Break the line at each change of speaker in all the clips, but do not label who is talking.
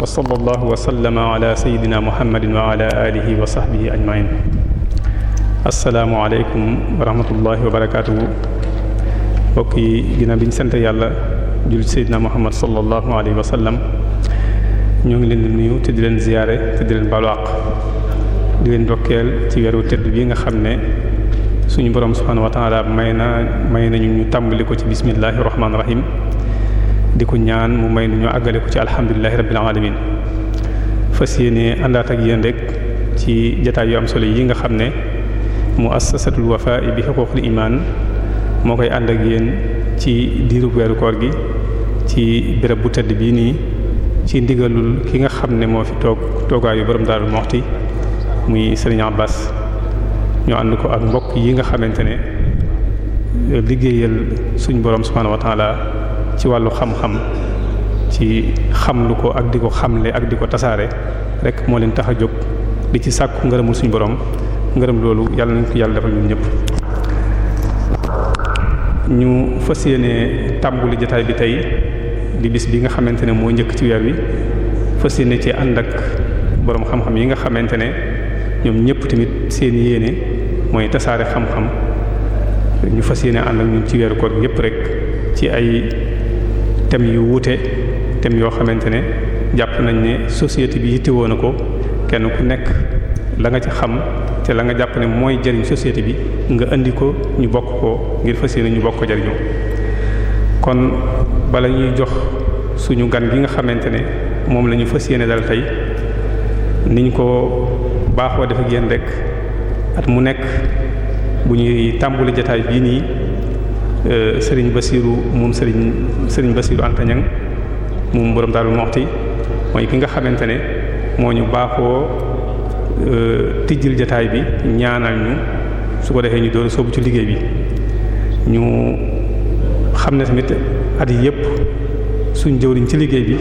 wa sallallahu wa sallama ala sayidina muhammadin wa ala alihi wa sahbihi ajmain asalaamualeykum wa rahmatullahi wa barakaatu mbokk yi ginnaaw bi ñu sant yàlla jullit seydina muhammad sallallahu alayhi wa sallam ñoo ngi leen di nuyu te di leen ziyaare te di leen baalu di leen dokkeel ci weeru tëdd bi nga xam ne suñu borom subhaanahu wa may na may nañu ñu tàmbali ko ci bismillahi rahmaani rahim di ko ñaan mu may nañu àggale ko ci alhamdulillahi rabbil alamin fas yéene àndaat ak yéen rek ci jataay yu am solo yi nga xam ne muassasatul wafaa bi xuquuqil iman moo koy ànd ak yéen ci diiru weeru koor gi ci béréb bu tëdd bii nii ci ndigalul ki nga xam ne moo fi toog toogaayu borom Daaru Muxti muy Serigne Abbas ñoo ànd ko ak mbokk yi nga xamante ne eh, liggéeyal suñu borom subhaanahu wa ci wàllu xam-xam ci xam lu ko ak di ko xamle ak di ko tasaare rekk moo leen tax a jóg di ci sàkku ngërëmul suñu borom ngërëm loolu yàlla nañ ko yàlla defal ñun ñëpp ñu fas yéene tàmbuli jataay bi tey di bi nga xamante ne moo njëkk ci weer wi fas yéene ci ànd ak boroom xam-xam yi nga xamante ne ñoom ñëpp tamit seen yéene mooy tasaare xam-xam ñu fas yéene ànd ak ñun ci weeru koor yëpp rek ci ay thèmes yu wuute thèmes yoo xamante ne jàpp nañ ne société bi yittewoo na ko kenn ku nekk la nga ci xam te la nga jàpp ne mooy jëriñ société bi nga indi ko ñu bokk ko ngir fas yéene ñu bokk ko jëriñoo kon bala ñuy jox suñu gan gi nga xamante ne moom la ñu fas yéene dal tey niñ ko baaxoo def ak rek at mu nekk bu ñuy tàmbuli jataay bii nii euh, sëriñ Basiiru moom sëriñ sëriñ Basiiru Anta Ñaŋ moom borom Daaru Muxti mooy ki nga xamante ne moo ñu baaxoo Euh, tijjil jataay bi ñaanal ñu su ko defee ñu doon soobu ci liggéey bi ñu xam ne tamit at yi yëpp suñ jëwriñ ci liggéey bi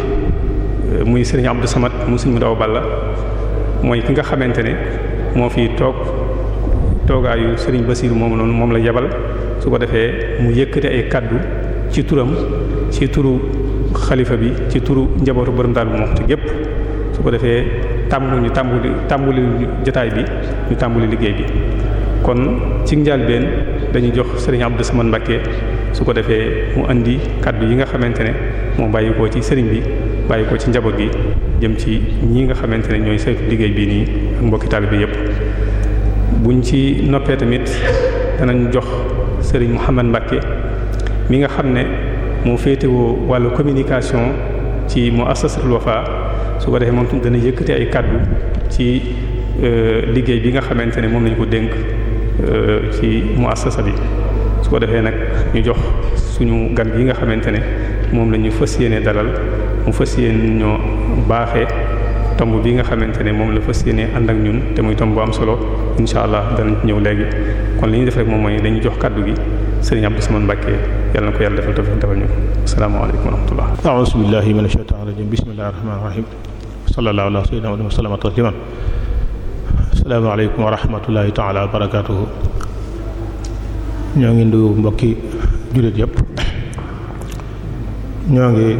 euh, muy sëriñ Abdou Samad mu suñ mu daw balla mooy ki nga xamante ne moo fi toog toogaayu sëriñ Basiiru moom noonu moom la yebal su ko defee mu yëkkati ay kàddu ci turam ci turu xalifa bi ci turu njabootu borom daal bu moxtu gépp su ko defee tàmbali ñu tàmbali tàmbali jotaay bi ñu tàmbali liggéey bi kon ci njàlbeen dañu jox sëriñ Abdou Samane Mbacké su ko defee mu indi kàddu yi nga xamante ne moo bàyyi ci sëriñ bi bàyyi ko ci njaboot gi jëm ci ñi nga xamante ne ñooy saytu liggéey bi nii ak mbokki taalibe yépp buñ ci noppee tamit danañ jox sëriñ Mouhamad Mbacké mi nga xam ne moo féetewoo walla communication ci muassasatul Wafa su ko defee moom itam dana yëkkati ay kàddu ci euh, liggéey bi nga xamante ne moom lañu ko dénk euh, ci muassasa bi su ko defee nag ñu jox suñu gan gi nga xamante ne moom la ñu fas yéene dalal mu fas yéene ñoo baaxee tomb bi nga xamante ne moom la fas yéene ànd ak ñun te muy tomb bu am solo incha allah danañ ñëw léegi kon li ñu def rek moom mooy dañu jox kàddu gi. sëriñ Abdou Samane Mbacke yàlla na ko yàlla defal tawfiq defal ñu ko asalaamaaleykum wa rahmatullah
a'uuzu wa sallama tasliman asalaamaaleykum wa rahmatullahi taala wa barakatuhu ñoo ngi nuyu mbokki jullit yëpp ñoo ngi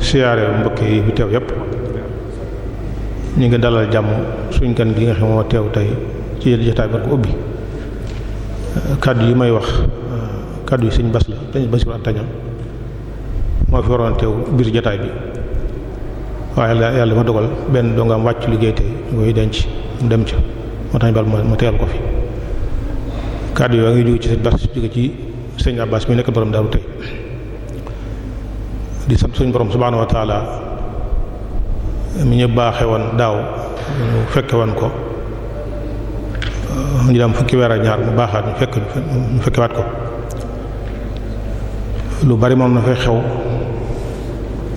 siyaare mbokki yi bi teew yëpp ñu ngi dalal jàmm suñ kan gi nga xam moo may wax kàddu yi suñ bas la dañ basi ko antañam moo fi waroon teew ma dogal benn dongam wàccu liggéey te denc mu dem ca moo tax bal ko fi kàddu yoo ngi jóge ci sëñ bas jóge ci sëñ Abbas mi nekk borom daaru tey suñ borom subhaanahu wa taala baaxe woon daaw ñu fekke woon ko ñu dem fukki weer ak ñaar mu baaxaat ñu fekk ñu fekkewaat ko lu bari moom na fay xew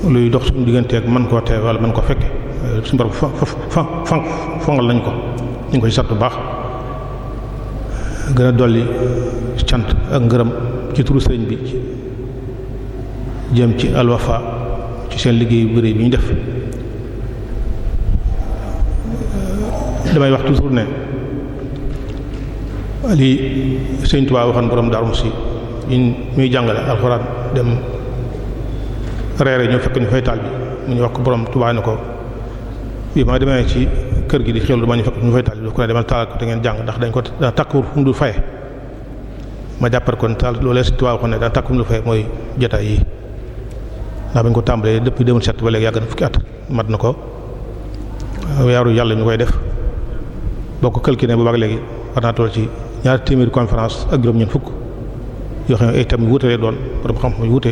luy dox suñu digganteeg mën koo teew wala mën ko fekke suñu borom fa fa fa fongal nañ ko ñu ngi ko ci sant bu baax gën a dolli cant ak ngërëm ci turu sëriñ bi jëm ci alwafa ci seen liggéey bu bari bi ñu def damay wax toujours ne lii sëriñ Tuubaa waxoon borom Daaru Muxti yuñ muy jàngale alxuraan dem reere ñu fekk ñu fay taal bi mu ñu wax ko borom Tuubaa ne ko bi gi di xewlu ma ñu fekk ñu fay ngeen jàng ndax dañ ko dana takku fu mu dul ma jàppar kon taal loolee si Tuubaa waxoon ne mooy jotaay yi ndax ko tàmbalee depuis 2007 ba léegi yàgg na mat na ko weeru yàlla ñu koy def boo ko calculé bu baax léegi war naa toll ci ñaar téeméeri conférence ak juróom-ñeent fukk yoo xam ne ay tam wuute lay doon borom xam-xam yu wuute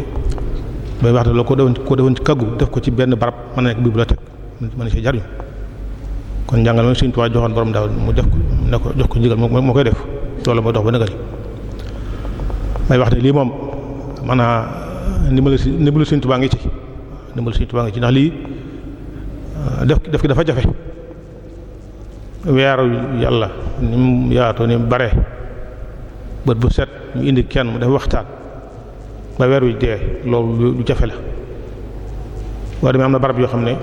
bay wax ne loolu ko defoon ko defoon ci kaggu def ko ci benn barab mën na nekk bibliothèque mën na ci jariñu kon njàngal moom si Tuubaa joxoon borom daaw mu def ko ne ko jox ko ndigal moo koy def loolu mooy dox ba nëgëri may wax ne lii moom maanaam ndimbalu si ndimbalu Sëriñ Tuubaa ngi ci ndimbalu Sëriñ Tuubaa ngi ci ndax lii ah, def def ki dafa jafe weeru yàlla ni mu yaatoo ni bare bët bu set mu indi kenn mu def waxtaan ba weer wi dee loolu lu jafe la boo demee am na barab yoo xam ne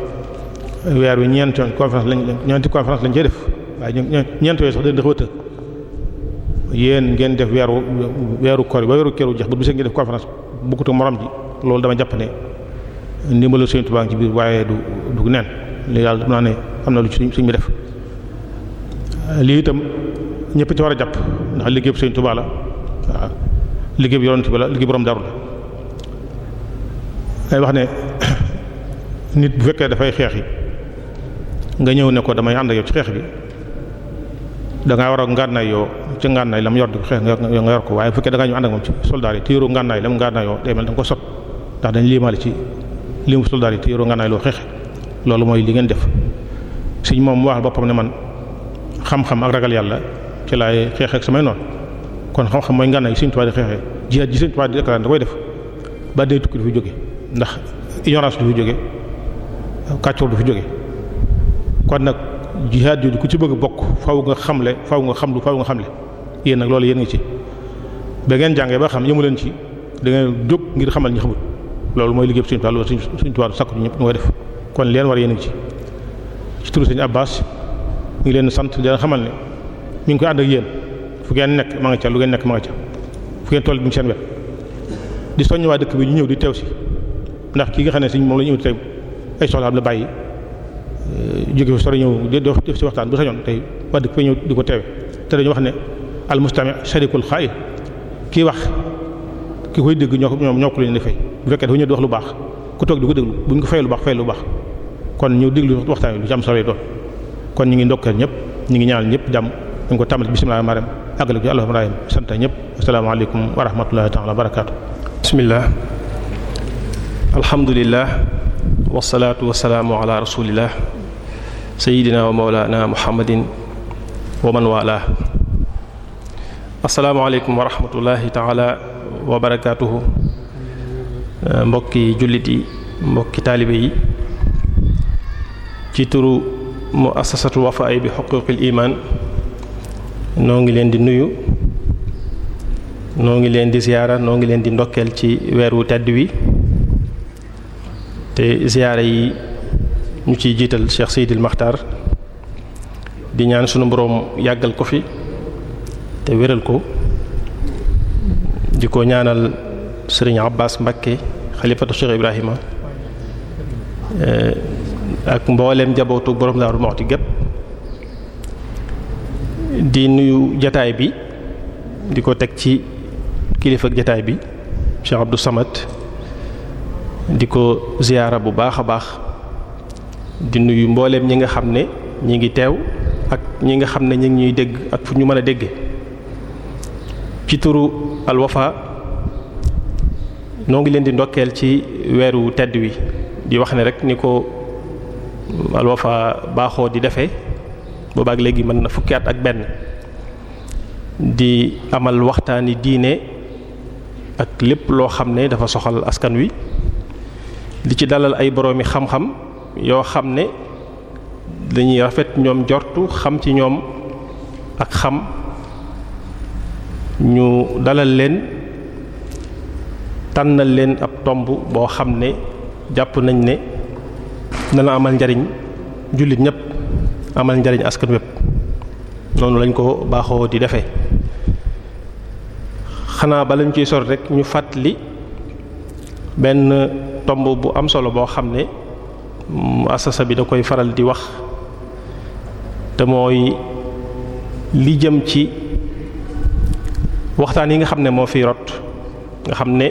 weer wi ñeenti yoon conférence lañ ñeenti conférence lañ cee def waaye ñoom ñeenti yooyu yéen ngeen def weeru weeru koor ba weeru keroog bu bisee ngeen def conférence loolu dama jàpp ne ndimbalu ci biir waaye du du neen li yàlla dama naa ne am na lu suñ suñ mi def lii itam ñëpp ci war a jàpp ndax liggéey bu Sëriñ Tuubaa la waaw liggéey bu yonent bi liggéey bu borom daru la day wax ne nit bu fekkee dafay xeex yi nga ñëw ne ko damay ànd ak ci xeex bi dangaa war a ngànnaay yoo ci ngànnaay la mu yor di ko xeex nga yor ko waaye bu fekkee dangaa ñu ànd ak moom ci soldaar yi te yoroo ngànnaay la mu ngànnaay yoo day mel da nga ci limu soldaar yi te yoroo loo xeexe loolu mooy li ngeen def suñ moom wax boppam ne man xam-xam ak ragal yàlla ci laay xeex ak samay noon kon xam-xam mooy ngànnaay Sëriñ Tuubaa di xeexee jihaad ji Sëriñ Tuubaa di déclaré da def ba day tukki du ndax ignorance du fi jóge kàccoor du kon nag jihaad jooju ku ci bëgg a bokk faaw nga xamle faaw nga xamlu faaw nga xamle yéen nag loolu yéen ngi ci ba ngeen jàngee ba xam yëmu leen ci da ngeen jóg xamal ñi xamul loolu mooy liggéey Sëriñ Tuubaa loolu Sëriñ Tuubaa sakku ci ñëpp ñu koy def kon leen war yéen ngi ci ci turu Sëriñ Abbas ngi leen sant di leen xamal ne mi ngi koy ànd ak yéen fu ngeen nekk ma nga ca lu ngeen nekk ma nga ca fu ngeen toll bi ñu seen wet di soññ waa dëkk bi ñu ñëw di teew si ndax kii nga xam ne siñ moom la ñu indi tey ay am la bàyyi eh, jóge fi sori ñëw doo def si waxtaan bu sañoon tey waa dëkk bi ñëw di ko teewe te dañu wax ne al mustami sharikul xaay kii wax ki koy dégg ñoo ñoom ñoo ko leen di fay bu fekkee dafa ñëw di wax lu baax ku toog di ko déglu bu ñu ko fayee lu baax fayee lu baax kon ñu déglu waxtaan wi lu ci am solo doon kon ñu ngi ndokkeel ñëpp ñu ngi ñaanal ñëpp jàmm ñu ko tàmbali bismillahir rahmanir rahim àggale ko ci allahumma rahim sant ñëpp asalaamaaleykum wa rahmatullahi taala wa barakaatu. bismillah
alhamdulillah wasalaatu wasalaamu ala rasulillah sayidina wa mawlana muhammadin wa man wala asalaamaaleykum wa rahmatullahi taala wa barakaatuhu mbokki jullit mbokki taalibe ci turu mu asasatu wafaay bi xuquqil iman noo ngi leen di nuyu noo ngi leen di ziyaara noo ngi leen di ndokkeel ci weer wu tedd wi te ziyaara yi ñu ciy jiital Cheikh Seydil maxtar di ñaan sunu boroom yàggal ko fi te wéral ko di ko ñaanal sëriñ Abbas Mbakke xalifatu Cheikh Ibrahima eh, ak mboolem jabootu boroom Daaru Muxti gépp di nuyu jataay bi di ko teg ci kilifa jataay bi Cheikh Abdou Samad di ko ziyaara bu baax a baax di nuyu mbooleem ñi nga xam ne ñi ngi teew ak ñi nga xam ne ñi ngi ñuy dégg ak fu ñu mën a dégge ci turu Al noo ngi leen di ndokkeel ci weeru tedd wi di wax ne rek ni ko Al baaxoo di defee boobaak léegi mën na fukki at ak benn di amal waxtaani diine ak lépp loo xam ne dafa soxal askan wi li ci dalal ay boroomi xam-xam yoo xam ne dañuy rafet ñoom jortu xam ci ñoom ak xam ñu dalal leen tànnal leen ab tomb boo xam ne jàpp nañ ne dana amal njariñ jullit ñépp amal njariñ askan wépp noonu lañ ko baaxoo di defe xanaa ba ciy sol rek ñu fàttali benn tomb bu am solo boo xam ne assasa bi da koy faral di wax te mooy li jëm ci waxtaan yi nga xam ne moo fi rot nga xam ne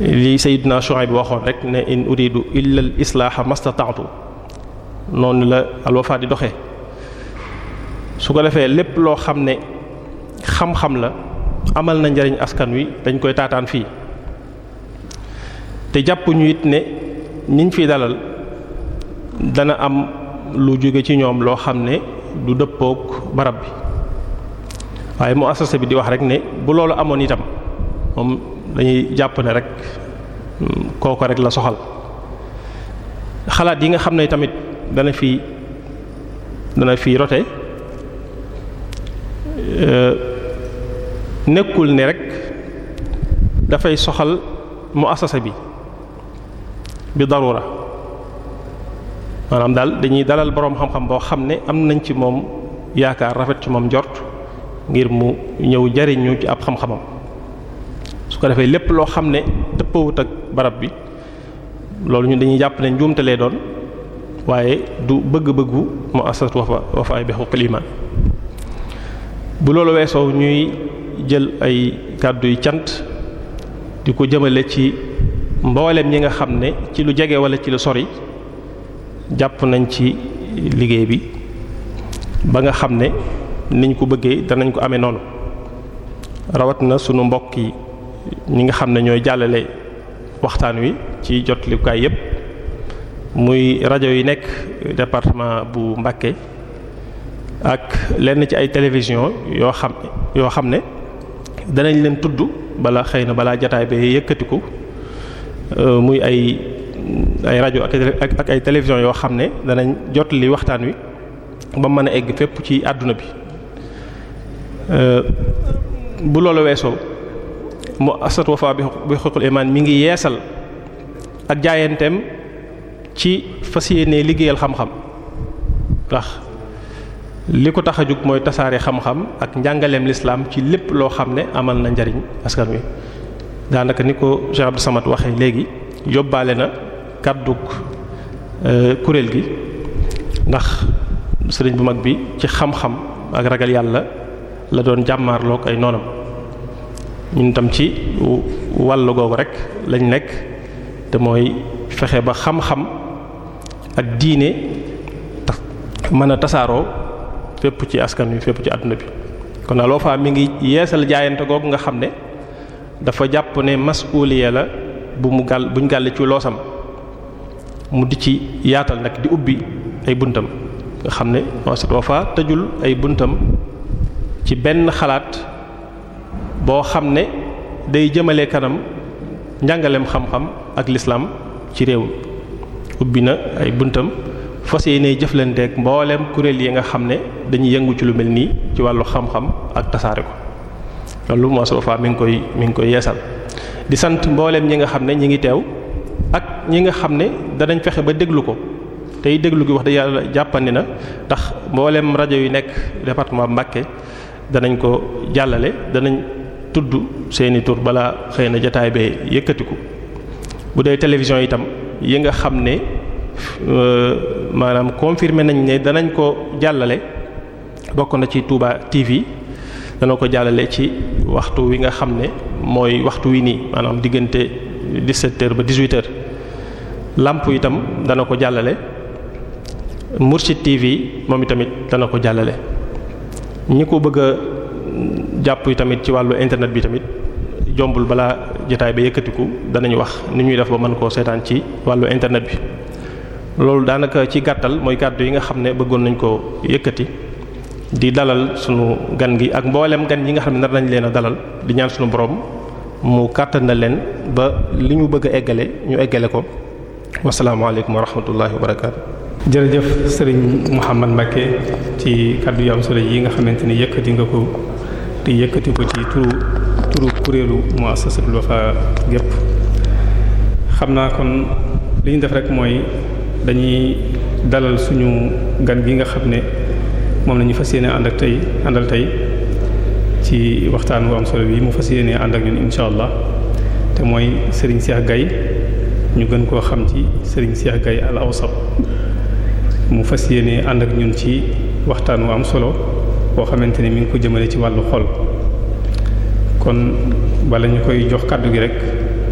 li Sayyidina Shuayb bi waxoon rek ne in uridu illa al islaaha mastata'tu noonu la alwafa di doxe su ko defee lépp loo xam ne xam-xam la amal na njariñ askan wi dañ koy taataan fii te jàpp ñu it ne ñiñ fi dalal dana am lu jóge ci ñoom loo xam ne du dëppook barab bi waaye mu assase bi di wax rek ne bu loolu amoon itam moom dañuy jàpp ne rek mm, kooko rek la soxal xalaat yi nga xam ne tamit dana fi dana fi rote nekkul ne rek dafay soxal mu muassasa bi bi darura maanaam daal dañuy dalal boroom xam-xam boo xam ne am nañ ci moom yaakaar rafet ci moom njort ngir mu ñëw jariñu ci ab xam-xamam su ko defee lépp loo xam ne dëppawut ak barab bi loolu ñu dañuy jàpp ne njuumte lay doon waaye du bëgg-bëggu mu asas wafa wafaay bi xuqul iman bu loolu weesoo ñuy jël ay kàddu yu cant di ko jëmale ci mboolem ñi nga xam ne ci lu jege wala ci lu sori jàpp nañ ci liggéey bi ba nga xam ne niñ ko bëggee danañ ko amee noonu rawat na sunu mbokk yi ñi nga xam ne ñooy jàllale waxtaan wi ci jotlukaay yépp muy rajo yi nekk département bu Mbacké ak lenn ci ay télévision yoo xam yoo xam ne danañ leen tudd bala xëy na balaa jataay ba yëkkatiku euh, muy ay ay rajo ak ak ay télévision yoo xam ne danañ jot li waxtaan wi ba mën a egg fépp ci àdduna bi euh, bu loolu weesoo mu asat Wafa bi xuququl iman mi ngi yeesal ak jaayanteem ci fas yéene liggéeyal xam-xam ndax li ko tax a jóg mooy tasaare xam-xam ak njàngaleem lislaam ci lépp loo xam ne amal na njariñ askan wi daanaka ni ko Cheikh Samad waxee léegi yóbbaale na kàddug euh, kuréel gi ndax sëriñ bu mag bi ci xam-xam ak ragal yàlla la doon jàmmaarloog ay noonam ñun tam ci wàll googu rek lañ nekk te mooy fexe ba xam-xam ak diine mën a tasaaroo fépp ci askan wi fépp ci àdduna bi kon Al-Wafa mi ngi yeesal jaayante googu nga xam ne dafa jàpp ne mas'uliya la bu mu gàll buñ gàll ci loosam mu di ci yaatal nag di ubbi ay buntam nga xam ne al fa tëjul ay buntam ci benn xalaat boo xam ne day jëmale kanam njàngaleem xam-xam ak lislaam ci réew ubbi na ay buntam fas yéene jëflanteeg mbooleem kuréel yi nga xam ne dañuy yëngu ci lu mel nii ci wàllu xam-xam ak tasaare ko loolu moo soo fa mi ngi koy mi ngi koy yeesal di sant mbooleem ñi nga xam ne ñi ngi teew ak ñi nga xam ne danañ fexe ba déglu ko tey déglu gi wax dëgg yàlla jàppandi na tax mbooleem rajo yu nekk département Mbacké danañ ko jàllale danañ tudd seeni tur balaa xëy na jotaay bee yëkkatiku bu dee télévision itam. yi nga xam ne euh, maanaam confirmé nañ ne danañ ko jàllale bokk na ci Touba TV dana ko jàllale ci waxtu wi nga xam ne mooy waxtu wi nii maanaam diggante 17h ba 18h làmp itam dana ko jàllale Mourchid TV moom itamit dana ko jàllale ñi ko bëgg a jàpp tamit ci wàllu internet bi tamit jombul balaa jotaay ba yëkkatiku danañ wax ni ñuy def ba mën koo seetaan ci wàllu internet bi loolu daanaka ci gàttal mooy kàddu yi nga xam ne bëggoon nañ ko yëkkati di dalal sunu gan gi ak mbooleem gan yi nga xam ne nar nañ leen a dalal di ñaan sunu borom mu kàttan leen ba li ñu bëgg a eggale ñu eggale ko
wasalaamaaleykum wa rahmatullahi wa barakaatu. jërëjëf sëriñ Mouhamad Mbacke ci kàddu yu am solo yi nga xamante ni yëkkati nga ko te yëkkati ci turu. kuréelu muassasatul Wafa gépp xam naa kon li ñu def rek mooy dañuy dalal suñu gan gi nga xam ne moom la ñu fas yéene ànd ak tey àndal tey ci waxtaan wu am solo bi mu fas yéene ànd ak ñun incha allah te mooy Serigne Cheikh gay ñu gën koo xam ci Serigne Cheikh Gaye al awsab mu fas yéene ànd ak ñun ci waxtaan wu am solo koo xamante ni mi ngi ko jëmale ci wàllu xool kon bala ñu koy jox kàddu gi rek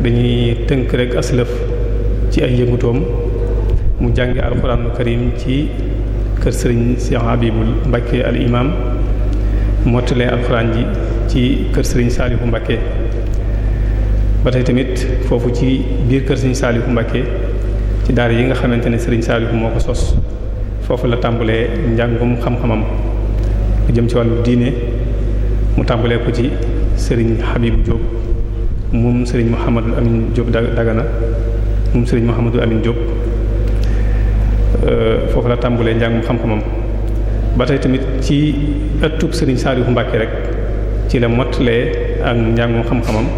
dañuy tënk rek aslëf ci ay yëngutoom mu jànge alxuraanu karim ci kër sëriñ Cheikh Habibul Mbacke al imam mottalee alxuraan ji ci kër sëriñ Saliou Mbacke ba tey tamit foofu ci biir kër sëriñ Saliou Mbacke ci daara yi nga xamante ne sëriñ Saliou moo ko sos foofu la tàmbalee njàngum xam-xamam lu jëm ci wàllu diine mu tàmbalee ko ci sëriñ Habib Diop moom sëriñ Mouhamadou Amine Diop Dagana moom sëriñ Mouhamadou Amine Diop euh, foofu la tàmbulee njàngum xam-xamam ba tey tamit ci ëttub sëriñ Saliou Mbacke rek ci la mottalee ak njàngum xam-xamam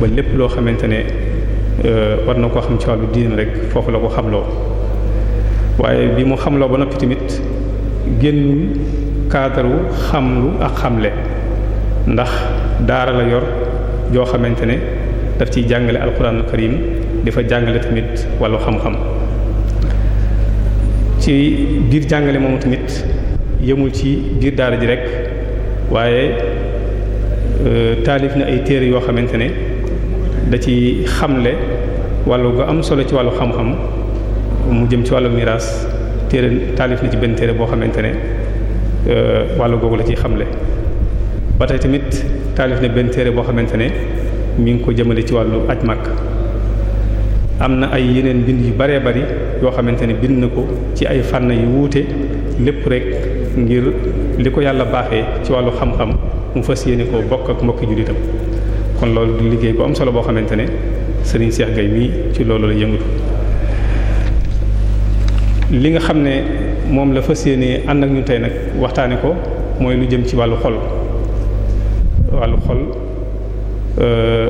ba lépp loo xamante ne euh, war na koo xam ci wàllu diine rek foofu la ko xamloo waaye bi mu xamloo ba noppi tamit génn kaadaru xamlu ak xamle ndax daara la yor joo xamante ne daf ciy jàngale alquranul karim di fa jàngale tamit wàllu xam-xam ci biir jàngale moomu tamit yemul ci biir daara ji rek waaye euh, taalif na ay téere yoo xamante ne da ci xamle wàllu gu am solo ci wàllu xam-xam mu jëm ci wàllu miraas téere taalif na ci benn téere boo xamante ne euh, wàllu googu la ciy xamle ba tey tamit taalif na benn téere boo xamante ne mi ngi ko jëmale ci wàllu aj màkk am na ay yeneen bind yu baree bari yoo xamante ne bind na ko ci ay fànn yu wuute lépp rek ngir li ko yàlla baaxe ci wàllu xam-xam mu fas yéene ko bokk ak mbokki jullitam kon loolu liggéey bu am solo boo xamante ne sëriñ Cheikh Gueye mii ci loolu la yëngatu li nga xam ne moom la fas yéene ànd ak ñun tey nag waxtaane ko mooy lu jëm ci wàllu xol wàllu xol euh,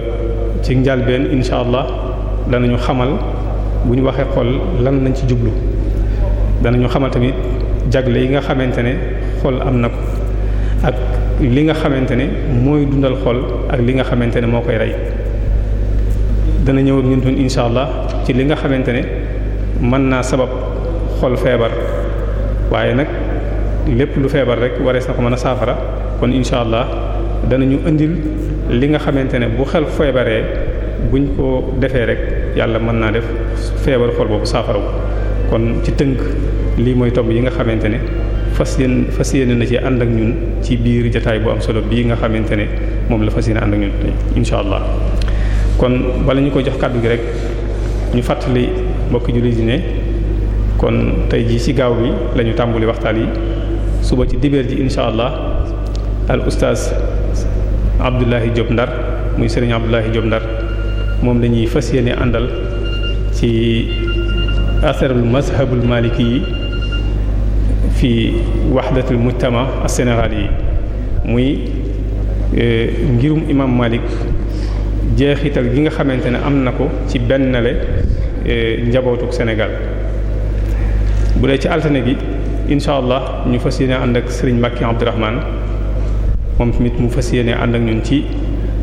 ci njalbeen insha allah danañu xamal bu ñu waxee xol lan lañ ci jublu danañu xamal tamit jagle yi nga xamante ne xol am na ko ak li nga xamante ne mooy dundal xol ak li nga xamante ne moo koy rey dana ñëw ak ñun insha allah ci li nga xamante ne mën naa sabab xol feebar waaye nag lépp lu feebar rek warees na ko mën a saafara kon insha allah danañu indil li nga xamante ne bu xel feebaree buñ ko defee rek yàlla mën naa def feebar xol boobu saafarawu kon ci tënk lii mooy tomb yi nga xamante ne fas yéen fas yéene na ci ànd ak ñun ci biir jataay bu am solo bii nga xamante ne moom la fas yéene ànd ak ñun incha allah kon bala ñu koy jox kàddu gi rek ñu fàttali mbokki jullit ne kon tey jii ci gaaw bi lañu ñu tàmbali waxtaan yi suba ci dibeer ji incha allah al ustaas Abdoulahi Diop Ndar muy sëriñ Abdoulahi job Ndar moom la fas yéene àndal ci asarul mazhabul maliki yi fi wahdatul mujtama as-sénégal yi muy e, ngirum imam Malik jeexital gi nga xamante ne am na ko ci bennale e, njabootuk Sénégal bu dee ci altine bi incha allah ñu fas yéene ànd ak sëriñ Mbacke Abdourahmane moom tamit mu fas yéene ànd ak ñun ci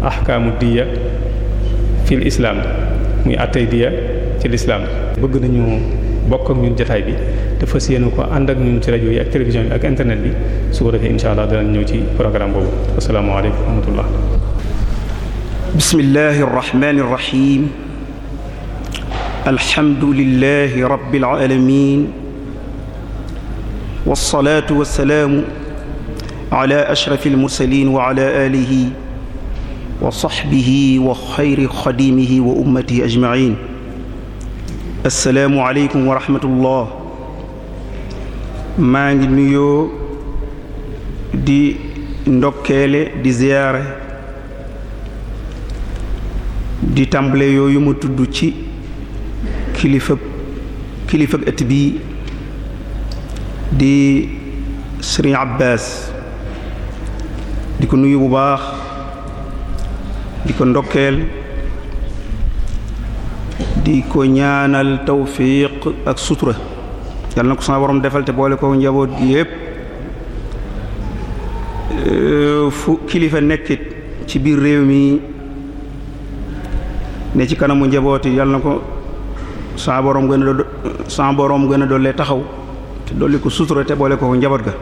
ahkaamu diya fil islam muy àttey diya ci lislaam bëgg nañu bokk ak ñun jotaay bi te fas yéene ko ànd ak ñun ci rajo yi ak télévision bi ak internet bi su ko allah danañ ñëw ci programme boobu asalaamaaleykum wa rahmatullah
bismillahi arrahmani arrahim
alhamdulillahi
rabbil alamin wassalatu wassalamu ala ashrafi almursalin wa ala alihi wa saxbihi wa xayri xadimihi wa ummatihi ajmain assalaamu aleykum wa rahmatullah maa ngi nuyoo di ndokkeele di ziyaare di tàmbale yooyu ma tudd ci kilifa kilifa ëtt bi di sëriñ Abbaas di ko nuyu bu baax di ko ndokkeel di ko ñaanal tawfiq ak sutura yàlla na ko sama borom defal te boole ko njaboot gi yépp euh, fu kilifa nekkit ci biir réew mi ne ci kanamu njaboot yi yàlla na ko sama borom gën a sama borom gën a dollee taxaw te dolli ko sutura te boole ko njaboot ga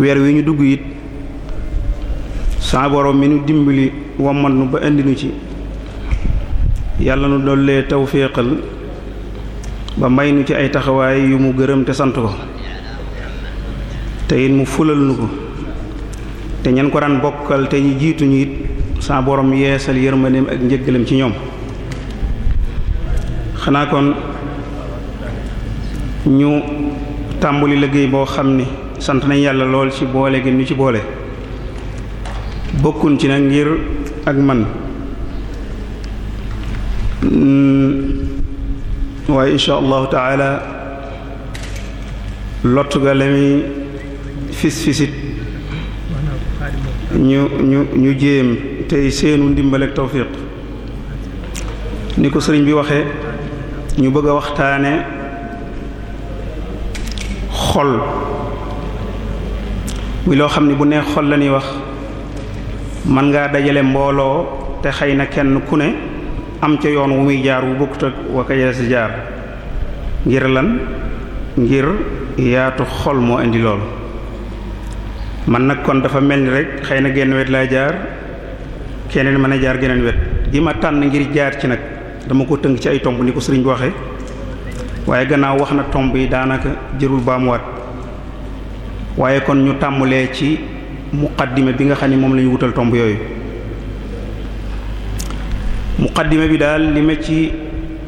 weer wi ñu dugg it sa borom mi nu dimbali wammal nu ba indi nu ci yàlla nu dollee tawféexal ba may nu ci ay taxawaay yu mu gërëm te sant ko te it mu fulal nu ko te ñan ko daan bokkal te ñi jiitu ñu it sa borom yeesal yërmandeem ak njëggalem ci ñoom xanaa kon ñu tàmbali liggéey boo xam ni sant nañ yàlla lool ci boole gi ñu ci boole bokkun ci nag ngir ak man
mm,
waaye insha allahu taala lottu ga la muy fis fisit ñu ñu ñu jéem tey seenu ndimbal ak ni ko sëriñ bi waxe ñu bëgg a waxtaane xol muy loo xam ne bu neex xol la ñuy wax man ngaa dajale mbooloo te xëy na kenn ku ne am ca yoon wu muy jaar wu bokkut ak wa ko yees jaar ngir lan ngir yaatu xol moo indi loolu man nag kon dafa mel ni rek xëy na genn wet laa jaar keneen mën a jaar geneen wet gi ma tànn ngir jaar ci nag dama ko tënk ci ay tomb ni ko sëriñ bi waxe waaye gannaaw wax na tomb yi daanaka jërul baamuwaat waaye kon ñu tàmbalee ci muqaddima bi nga xam ni moom la ñu wutal tomb yooyu muqaddima bi daal li ma ci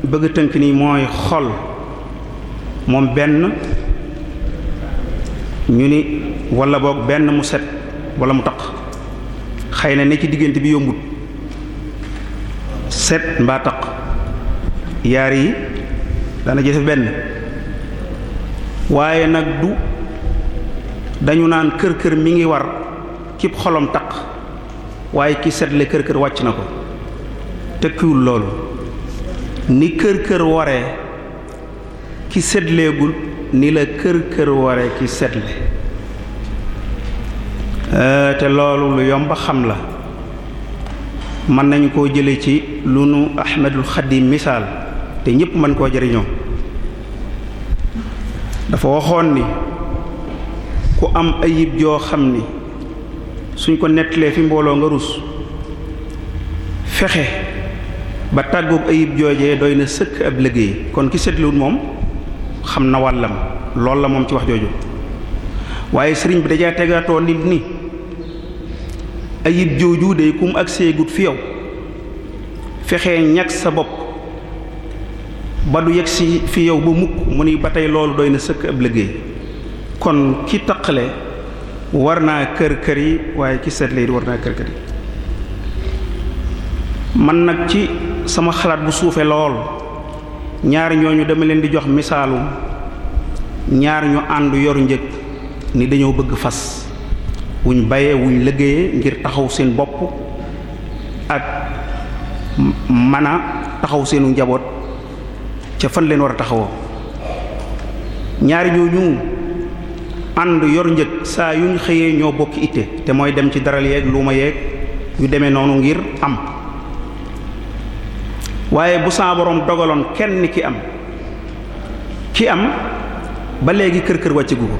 bëgg a tënk nii mooy xol moom benn ñu ni wala boog benn mu set wala mu taq xëy na ne ci diggante bi yombut set mbaa taq yaar yi dana jëfe benn waaye nag du dañu naan kër kër mi ngi war kib xolom taq waaye ki setle kër kër wàcc na ko tekkiwul loolu ni kër kër waree ki setleegul la kër kër waree ki setle euh, te loolu lu yomb xam la mën nañu koo jële ci lu nu Ahmadul Xadim misaal te ñépp mën koo jëriñoo dafa waxoon ni ku am ayib joo xam ni suñ ko nettalee fi mbooloo nga rus fexe ba tàggoog ayib joojee doy na sëkk ab liggéey kon ki seetluwut moom xam na wàllam lool la moom ci wax jooju waaye sëriñ bi dajaa tegaatoo nit ni ayib jooju day kum ak seegut fi yow fexe ñag sa bopp ba du yegg si fi yow ba mukk mu ni ba tey loolu doy na sëkk ab liggéey kon ki taqale war naa kër kër yi waaye ki seetle it war naa kër kër yi man nag ci sama xalaat bu suufe lool ñaar ñooñu dama leen di jox misaalum ñaar ñu ànd yoru njëg ni dañoo bëgg fas wuñ bayee wuñ liggéeyee ngir taxaw seen bopp ak mën a taxaw seenu njaboot ca fan leen war a taxawoo ñaari ñooñu ànd yor njët saa yuñ xëyee ñoo bokki itte te mooy dem ci daral lu ma yeeg yu demee noonu ngir am waaye bu saa borom dogaloon kenn ki am ki am ba léegi kër kër wàccigu ko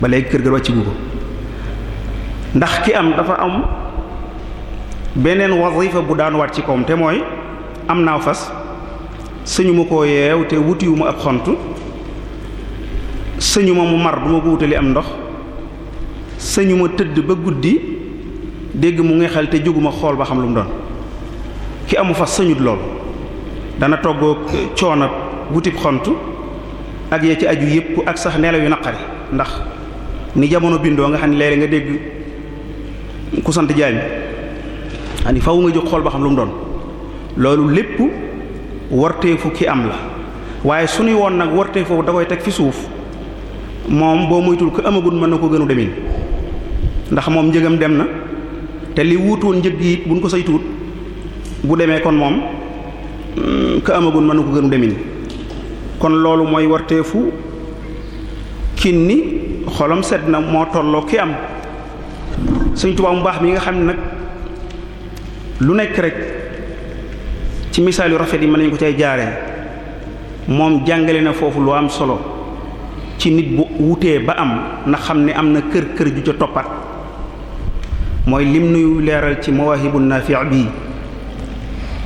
ba léegi kër kër wàccigu ko ndax ki am dafa am beneen wazifa bu daan waat ci kawam te mooy am naa fas suñu ma koo yeew te wutiwuma ab xont sëñu ma mu mar duma ko wutali am ndox sëñuma ma tëdd ba guddi dégg mu ngexal te jóguma xool ba xam lu mu doon ki amu fa sëñut loolu dana toggoo coono wuti xont ak ya ci aju yépp ak sax nelaw yu naqari ndax ni jamono bindoo nga xam ne léeg nga dégg ku sant jaay mi ni faw nga jóg xool ba xam lu mu doon loolu lépp warteefu ki am la waaye su ñuy woon nag warteefu da koy teg fi suuf moom boo moytul ko amagul mën na ko gënu demin ndax moom njëgam dem na te li wuutoon njëg gi it buñ ko saytuwut bu demee kon moom mm, ka amagun mën na ko gënu demin kon loolu mooy warteefu kin ni xolam sedd na moo tolloo ki am Sëriñ Tuubaa mu baax mi nga xam ne nag lu nekk rek ci misaal yu rafet yi ma nañu ko cay jaaree moom jàngale na foofu lu am solo ci nit wutee ba am na xam ne am na kër kër ju ca toppat mooy lim nuyu leeral ci mawaahibu naafi' bi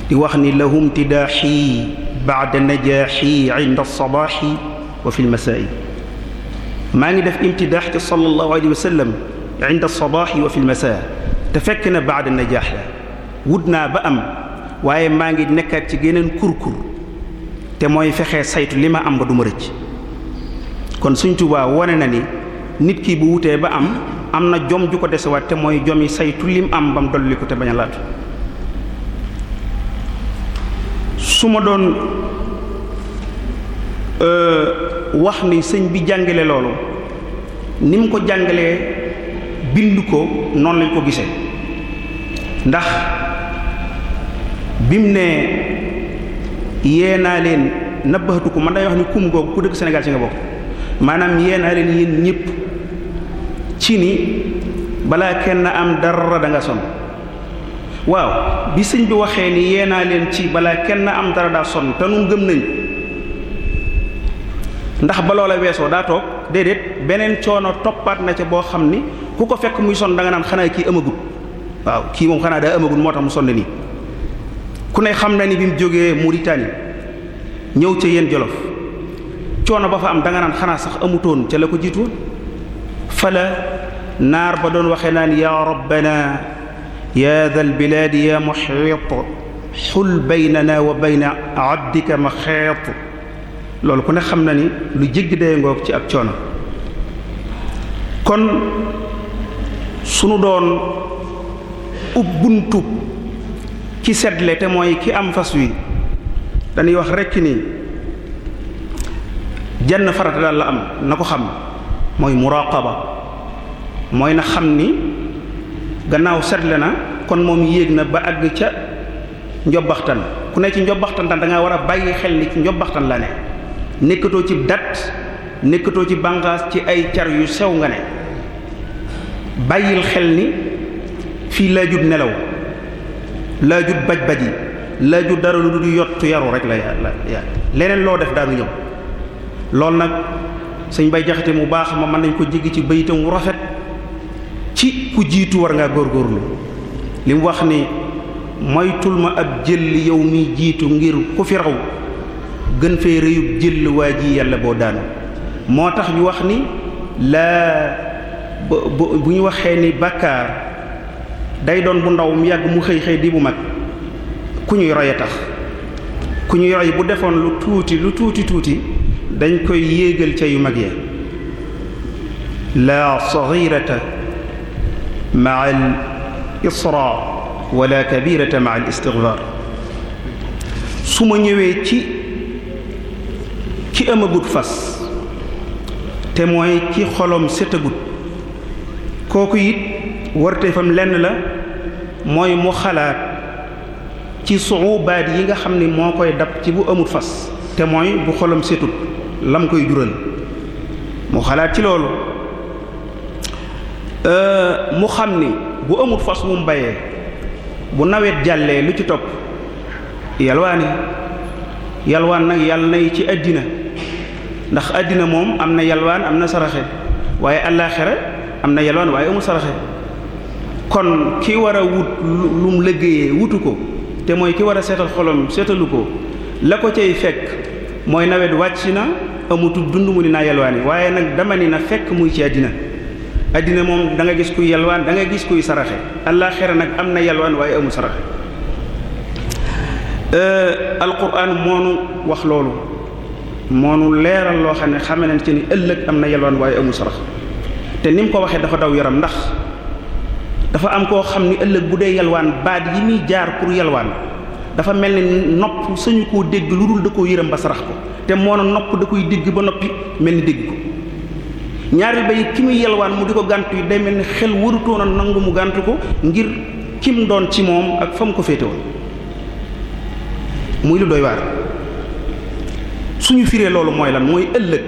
di wax ni lahum tidaaxi baada najaaxi inda sabaaxi wa fi lmasaa'i maa ngi def imtidaax ci sallallahu alayhi wa sallam inda sabaaxi wa fi lmasaa te fekk na baada najaax wut naa ba am waaye maa ngi nekkaat ci geneen kurkur te mooy fexe sayt li ma am ba du rëcc kon Sëriñ Tuubaa wone na ni nit kii bu wutee ba am am na jom ju ko desewaat te mooy jom yi saytu lim am ba mu dolli ko te bañ su ma doon euh, wax ni sëñ bi jàngale loolu ni mu ko jàngalee bind ko noonu lañ ko gisee ndax bi mu nee yee naa leen nabbatu ku man day wax ni kum googu ku dëkk Sénégal ci nga bokk. maanaam yéena leen yéen ñëpp ci ni balaa kenn am dara da sonn waaw bi sëñ bi waxee ni yéenaa leen ci balaa kenn am dara daa sonn te nun gëm nañ ndax ba la weesoo daa toog déedéet beneen coono toppaat na ca boo xam ni ku ko fekk muy sonn da naan xanaa kii ëmmagut waaw kii moom xanaa daa ëmmagut moo tax mu sonn nii ku ne xam na ni bi mu jógee Mauritanie ñëw ca yéen Jolof coono ba fa am danga naan xanaa sax amutoon ca la ko jiitu woon fala naar ba doon waxe naan ya rabbana ya dal bilaadi ya muxiit xul baynana wa bayna abdika ma xeet loolu ku ne xam na ni lu jégg day ci ab coono kon sunu doon ub buntu ki seddle te mooy ki am fas wi dañuy wax rekk ni jenn farata daal la am na ko xam mooy muraqaba mooy na xam ni gannaaw seetle na kon moom yéeg na ba àgg ca njobbaxtan ku ne ci njobbaxtan tan da ngaa war a bàyyi xel ni ci njobbaxtan la ne nekkatoo ci dat nekkatoo ci bànqaas ci ay car yu sew nga ne bàyyil xel ni fii laa jut nelaw laa jut baj yi laa dara lu du yottu yaru rek la ya leneen loo def daanu ñëw loolu nag sëñ bay jaxate mu baax ma mën nañ ko jéggi ci bayitam wu rafet ci ku jiitu war ngaa góorgóorlu li mu wax ni moytul ma ab jëll yow muy jiitu ngir ku fi raw gën fee rëyub jëll waa ji yàlla boo daanu moo tax ñu wax ni laa bu ñu waxee ni bàkkaar day doon bu ndaw mu yàgg mu xëy xëy di bu mag ku ñuy roy a tax ku ñuy roy bu defoon lu tuuti lu tuuti tuuti dañ koy yéegal ca yu mag ya laa saxirata maa al isra wala kabirata maa al istigfaar su ma ñëwee ci ki amagut fas te mooy ki xolom setagut kooku it warteefam lenn la mooy mu xalaat ci suubaat yi nga xam ni moo koy dab ci bu amut fas te mooy bu xolom setut lam koy jural mu xalaat ci loolu euh, mu xam ni bu amul fas mu bayee bu nawet jàllee lu ci topp yalwaani yalwaan nag yàlla nay ci àddina ndax àddina moom am na yalwaan am na saraxe waaye àllaaxira am na yalwaan waaye amul saraxe kon ki war a wut lu mu liggéeyee wutu ko te mooy ki war a seetal xolom seetalu ko la ko cay fekk mooy nawet wàcc na amutul dund mu ni naa yelwaani waaye nag dama ni na fekk muy ci àddina àddina moom danga gis kuy yelwaan da nga gis kuy saraxe allaaxira nag am na yelwaan waaye amul saraxe euh, alquran moonu wax moonu leeral loo xam ne xame nañ ci ni am na yelwaan waaye amul sarax te ni mu ko waxee dafa daw yaram ndax dafa am koo xam ni ëllëg bu dee yelwaan baat yi muy jaar pour yalwaan dafa mel ni nopp suñu koo dégg lu dul da koo yërëm ba sarax ko te moo na nopp da dégg ba noppi mel ni dégg ko ñaari bay ki muy yelwaan mu di ko gàntu yi day mel ni xel warutoon a nangu mu gant ko ngir kim doon ci moom ak fa mu ko féete woon muy lu doy waar suñu firee loolu mooy lan mooy ëllëg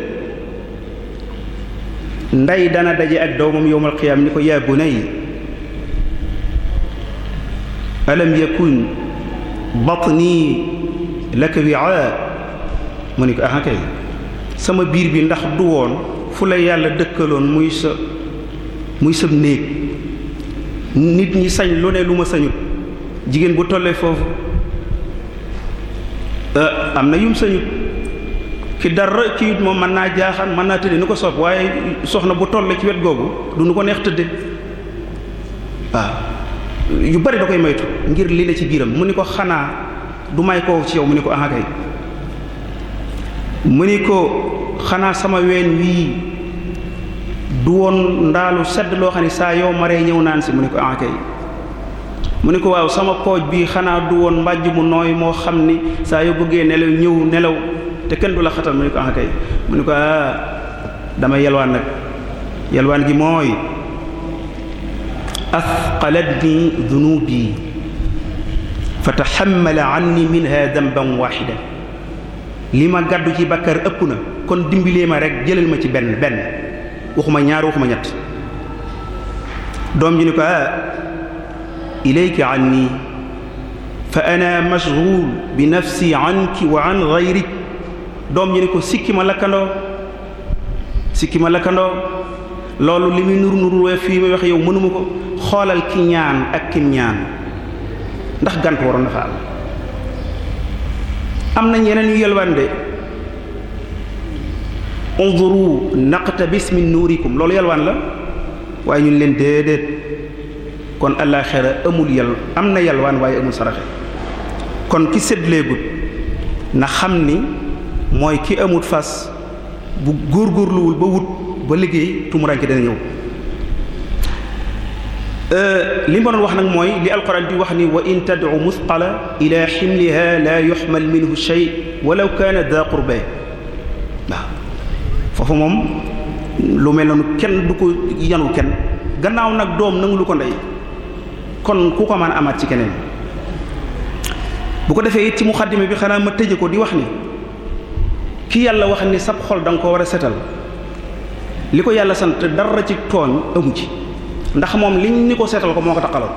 ndey dana daje ak doomam yowmal qiyaam ni ko yaa bunay alam batni lak wi'a mu ni ko ah kay sama biir bi ndax du woon fu la yàlla dëkkaloon muy sa muy sa néeg nit ñi sañ lu ne lu ma sañut jigéen bu tollee foofu ah, am na yum sañut ki dara ci it moom mën naa jaaxaan mën naa tëdde ni ko sob waaye soxna bu tollee ci wet googu du nu ko neex tëdde waaw ah. yu bari da koy maytu ngir lii la ci biiram mu ni ko xanaa du may koo ci yow mu ni ko ahakay mu ni ko xanaa sama ween wii du woon ndaalu sedd loo xam ne saa yow maree ñëw naan si mu ni ko ahakay mu ni ko waaw sama pooj bii xanaa du woon mbàjj mu nooy moo xam ni saa yoo bëggee nelaw ñëw nelaw te kenn du la xatal mu ni ko ahakay mu ni ko ah dama yelwaan nag yelwaan gi mooy asqalatni dunubi fa taxamala anni minha damban waxida li ma gàddu ci bàkkaar ëpp na kon dimbilee ma rekk jëlal ma ci benn benn waxuma ñaar waxuma ñett doom ji ni ko ah ilayka anni fa ana mashghul bi nafsi anki doom ji ni ko ma lakkandoo sikki ma lakkandoo loolu li muy nur fii may wax yow mënuma ko xoolal ki ñaan ak kim ñaan ndax gant waroon dafa am am nañ yeneen yu yelwande unzuru naqtabis min nuurikum loolu yelwaan la waaye ñun leen déedéet kon àllaaxira amul yel am na yelwaan waaye amul saraxe kon ki sédleegut na xam ni mooy ki amut fas bu góorgóorluwul ba wut ba liggéey tumuraanke dana ñëw Euh, li ma doon wax nag mooy li alquran di wax ni wa in tad'u muthqala ila himliha la yuhmal minhu shay walaw kana da qurba waaw foofu moom lu mel noonu kenn du ko yanu kenn gannaaw nag doom nangu lu ko ndey kon ku ko mën amaat ci keneen bu ko defee it ci muxaddima bi xanaa ma tëje ko di wax ni ki yàlla wax ni sab xol danga ko war a setal li ko yàlla sant dara ci tooñ amu ci ndax moom li ni ko seetal ko moo ko taqaloon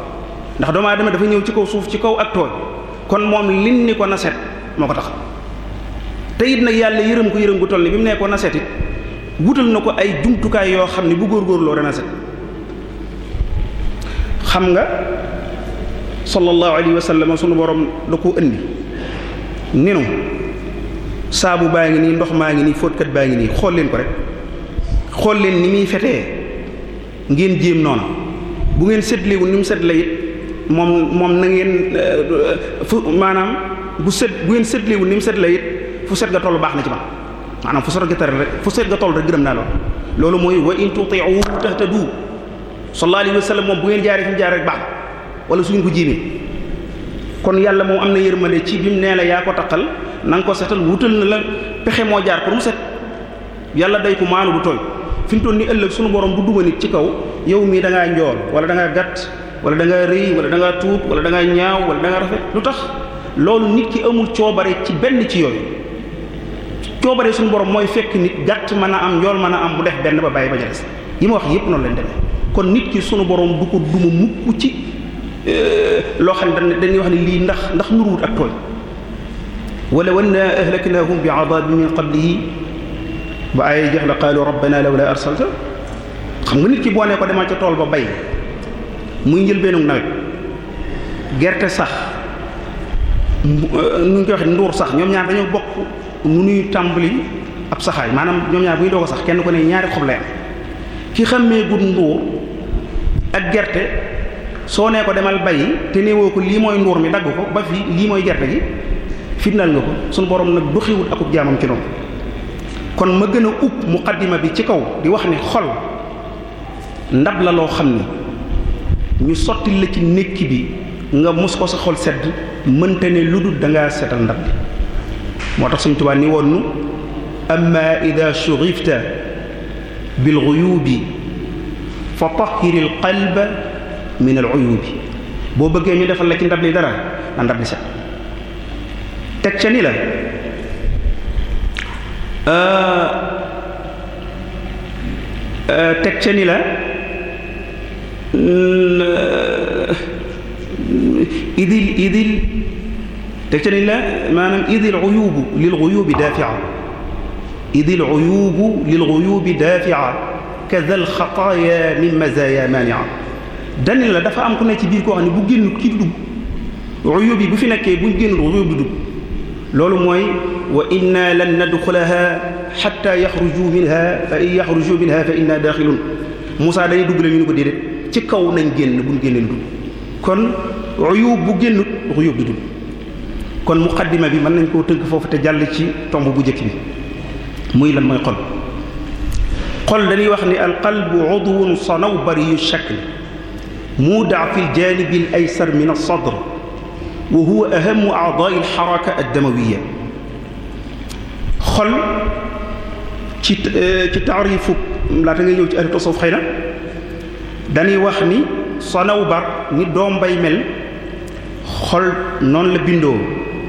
ndax doomu aadama dafa ñëw ci kaw suuf ci kaw ak tooñ kon moom li ni ko na seet moo ko tax te na yàlla yërëm ko yërëm gu toll ni bi mu nee ko na it wutal na ko ay jumtukaay yoo xam ne bu góor góorgóorloo dana set xam nga sallallahu alayhi wa sallam sunu borom da koo indi ninu saabu baa ngi nii ndox maa ngi nii fóotkat baa ngi nii xool leen ko rek xool leen ni muy fetee ngeen jéem noona bu ngeen seetlewu ni mu seetle it moom moom na ngeen euh, fu maanaam bu set bu ngeen seetlewu ni mu seetle it fu set nga toll baax na ci man maanaam fu set ga tere rek fu set ga toll rek gërëm naa loolu loolu mooy wa in tuti'u tahtadu sallallahu alayhi wa sallam moom bu ngeen jaaree fi jaar rek baax wala suñ ko jiimee kon yàlla moom am na yërmande ci bi mu nee la yaa ko taqal na nga ko setal wutal na la pexe moo jaar pour mu set yàlla day ko maanu du tooy fi mu toll nii ëllëg sunu borom bu duma nit ci kaw yow mii da ngaa njool wala da gàtt wala da ngaa rëy wala da ngaa tuut wala da ngaa ñaaw wala da rafet lu tax loolu nit ki amul coobare ci benn ci yooyu coobare suñu borom mooy fekk nit gàtt mën a am njool mën a am mu def benn ba bàyyi ba ja des yi ma wax yépp noonu lañ demee kon nit ki sunu borom du ko duma mukk ci euh, loo xam ne dañuy wax ne lii ndax ndax nuruwut ak tooñ wala wan na ahlaknahum ba ay jeex la qaalu rabbana law la arsalta xam nga nit ki boo ne ko demal ca tool ba bay muy njëlbeenu nawet gerte sax euh, nu ngi koy wax nduur sax ñoom ñaar dañoo bokk nu nuy tàmbali ab saxaay maanaam ñoom ñaar bu ñu doog a sax kenn ko ne ñaari xob la am ki xammee gud nduur ak gerte soo nee ko demal bayi te néewoo ko lii mooy nduur mi dagg ko ba fii lii mooy gerte gi fitnaal nga ko suñu boroom nag doxiwut akub jaamam ci noonu kon ma gën a upp muqaddima bi ci kaw di wax ni xol ndab la loo xam ne ñu sotti la ci nékki bi nga mos ko sa xol sedd mënta ne lu dul danga seetal ndab bi moo tax suñ tubaab ni woon nu amma ida shurifta bil xuyubi fa tahir al qalba min al uyubi boo bëggee ñu defal la ci ndab li dara na ndab li set teg ca ni la Euh, euh, teg ca ni la euh, idil idil teg ca ni la maanaam idil uyubu lil uyubi dafia idil uyubu lil uyubi dafia kada al xataaya min mazaya mania dani la dafa am ku ne ci biir koo xam ne bu génn ci dugg uyub yi bu fi nekkee bu génn uyub du dugg loolu mooy wa inna lan nadxulaha xatta yaxruju minha fa in yaxruju minha fa inna daaxilun Moussa dañuy dugg la ñu ne ko déedéet ci kaw nañ génn buñ génneen dugg kon uyub bu génnut uyub du dugg kon muqaddima bi mën nañ koo tënk foofu te jàll ci tomb bu njëkk bi muy lan mooy xol xol dañuy wax ni al qalbu udwun sanawbari yu shakl mudaa fi l janibi al aysar min al sadr وهو أهم أعضاء الحركة الدموية xol ci eh, ci taarifu laata ngay ñëw ci arifu tasawuf xëy na dañuy wax ni sanaw bar ni doom bay mel xol noonu la bindoo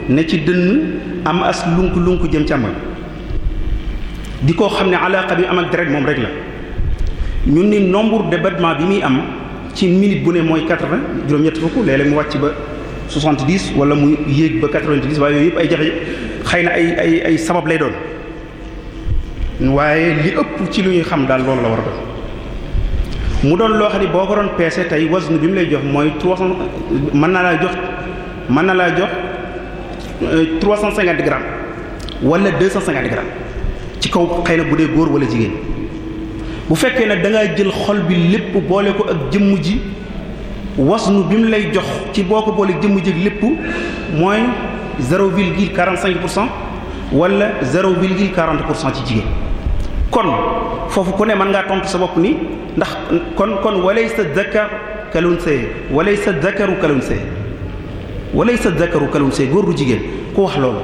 ne ci dënn am as lunk lunku jëm càmmoñ di koo xam ne alaqa bi am ak deret moom rek la ñun ni nombre de battement bi muy am ci minute bu ne mooy quatre-vingts juróom-ñett fukk léeg-léeg wàcc ba 70 wala mu yéeg ba 90 waaye yooyu yëpp ay jafe xëy na ay ay ay sabab lay doon waaye li ëpp ci lu ñuy xam daal loolu la war a doon mu doon loo xam ne boo ko doon peese tey wazn bi mu lay jox mooy 300 mën na laa jox mën na laa jox 350 euh, grammes wala 250 grammes ci kaw xëy na bu dee góor wala jigéen bu fekkee ne da jël xol bi lépp boole ko ak jëmm ji. wasnu bi mu lay jox ci boo ko boole jëmm jëg lépp mooy zéro virgule quarante cinq pour cent wala zéro virgule quarante pour cent ci jigéen kon foofu ku ne mën ngaa tontu sa bopp ni ndax kon kon walay sa dakar kalun see walay sa dakaru kalun see walay sa dakaru kalun see góor du jigéen ku wax loolu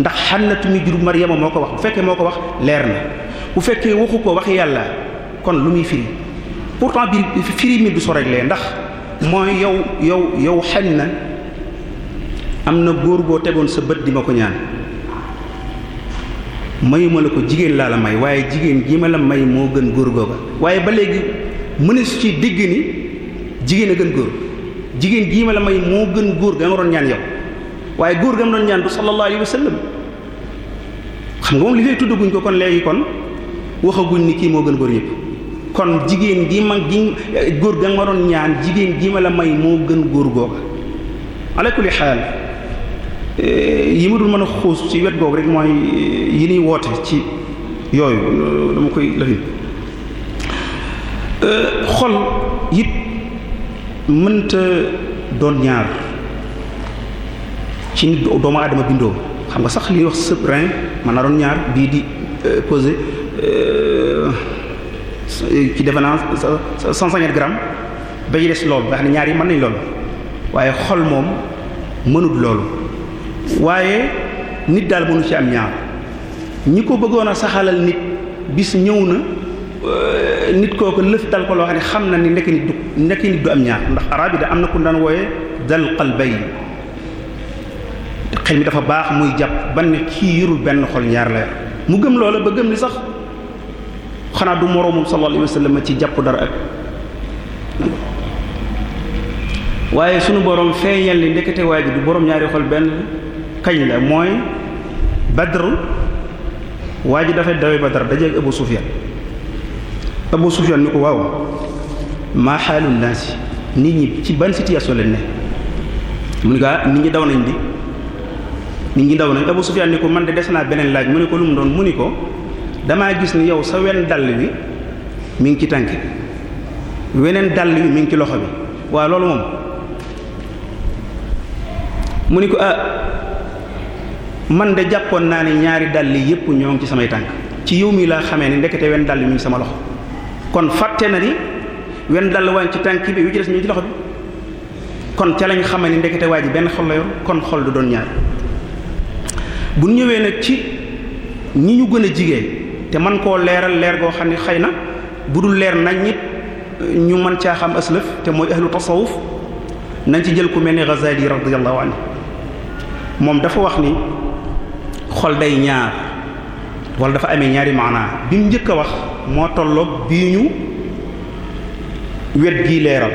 ndax xannatu mi jurub Maryama moo ko wax bu fekkee moo ko wax leer na bu fekkee waxu ko wax yàlla kon lu muy firi pourtant bi firi mi du soreeg lee ndax moo yow yow yow xañ na am na góor boo tegoon sa bët di ma ko ñaan mayuma la ko jigéen laa la may waaye jigéen jii ma la may moo gën góor googa waaye ba léegi mënees ci digg ni jigéen a gën góor jigéen gii ma la may moo gën góor ga ma doon ñaan yow waaye góor ga ma doon ñaan du sallallahu alayhi wa xam nga moom li lay tuddaguñ ko kon léegi kon waxaguñ ni kii moo gën góor yëpp kon jigéen gi ma gi góor ga ma doon ñaan jigéen gi ma la may moo gën góor googa ala kulli xaal eh, yi ma dul mën a xuus ci wet googu rek mooy eh, yi nuy woote ci yooyu dama koy lëfin eh, xol it mënta doon ñaar ci nit doomu aadama xam nga sax li wax sëp rin doon ñaar bii di posé ci defe naa cent cinquante grammes ba ñu des loolu nga xam ne ñaar yi mën nañ loolu waaye xol moom mënut loolu waaye nit daal mënu ci am ñaar ñi ko bëggoon a saxalal nit bis ñëw na euh, nit kooku lëf dal ko loo xam ne xam na ni nekk nit du nekk nit du am ñaar ndax arab yi da am na ku daan wooye dal bay xel mi dafa baax muy jàpp ban kii yurul benn xol ñaar la mu gëm loola ba gëm ni sax xanaa du moroomum sallallahu alayhi wa sallam ci jàpp dara ak waaye sunu boroom feeñal ni ndekete waa du borom ñaari xol benn kañ la mooy badr waa ji dafay dawe badr dajeeg Abu Sufyan Abu Sufyan ni ko waaw maa xaalu naasi nit ñi ci ban situation lañ ne mun ngaa ah nit ñi daw nañ di nit ñi daw nañ Abu Sufyan ni ko man de des naa beneen laaj mu ne ko lu mu doon mu ni ko damaa gis ni yow sa wenn dàll wi mi ngi ci tànk bi weneen dàll wi mi ngi ci loxo bi waaw loolu moom mu ni ko ah man de jàppoon naa ne ñaari dàll yi yépp ñoo ngi ci samay tànk ci yow mi laa xamee ni ndekete wenn dàll mi ngi sama loxo kon fàtte na ni wenn dàll waa ngi ci tànk bi yu ci des mi ngi ci loxo bi kon ca lañ xamee ni ndekete waa ji benn xol la yor kon xol du doon ñaar bu ñëwee nag ci ñi ñu gën a jigéen te man koo leeral leer goo xam ne xëy na bu dul leer nag nit ñu mën caa xam aslëf te mooy ahlu tasawuf nañ ci jël ku mel ni Ghazali radiyallahu anhu moom dafa wax ni xol day ñaar wala dafa amee ñaari maanaa bi mu njëkk a wax moo tolloog bii ñu wet gii leeral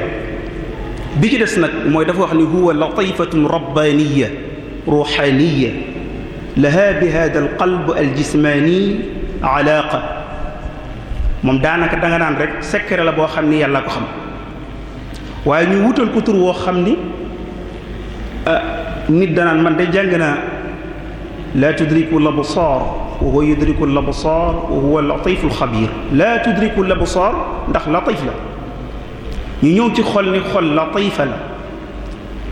bi ci des nag mooy dafa wax ni huwa latifatun rabbaniya ruhaniya laha bi hada qalb al jismani alaqa moom daanaka danga naan rek secret la boo xam ni yàlla ko xam waaye ñu wutal ko tur woo xam ni ah, nit danaan man de jàng naa laa tudriku labsaar wa huwa yudriku labsaar wa huwa latifu alxabir laa tudriku labsaar ndax latif la ñu ñëw ci xol ni xol latifa la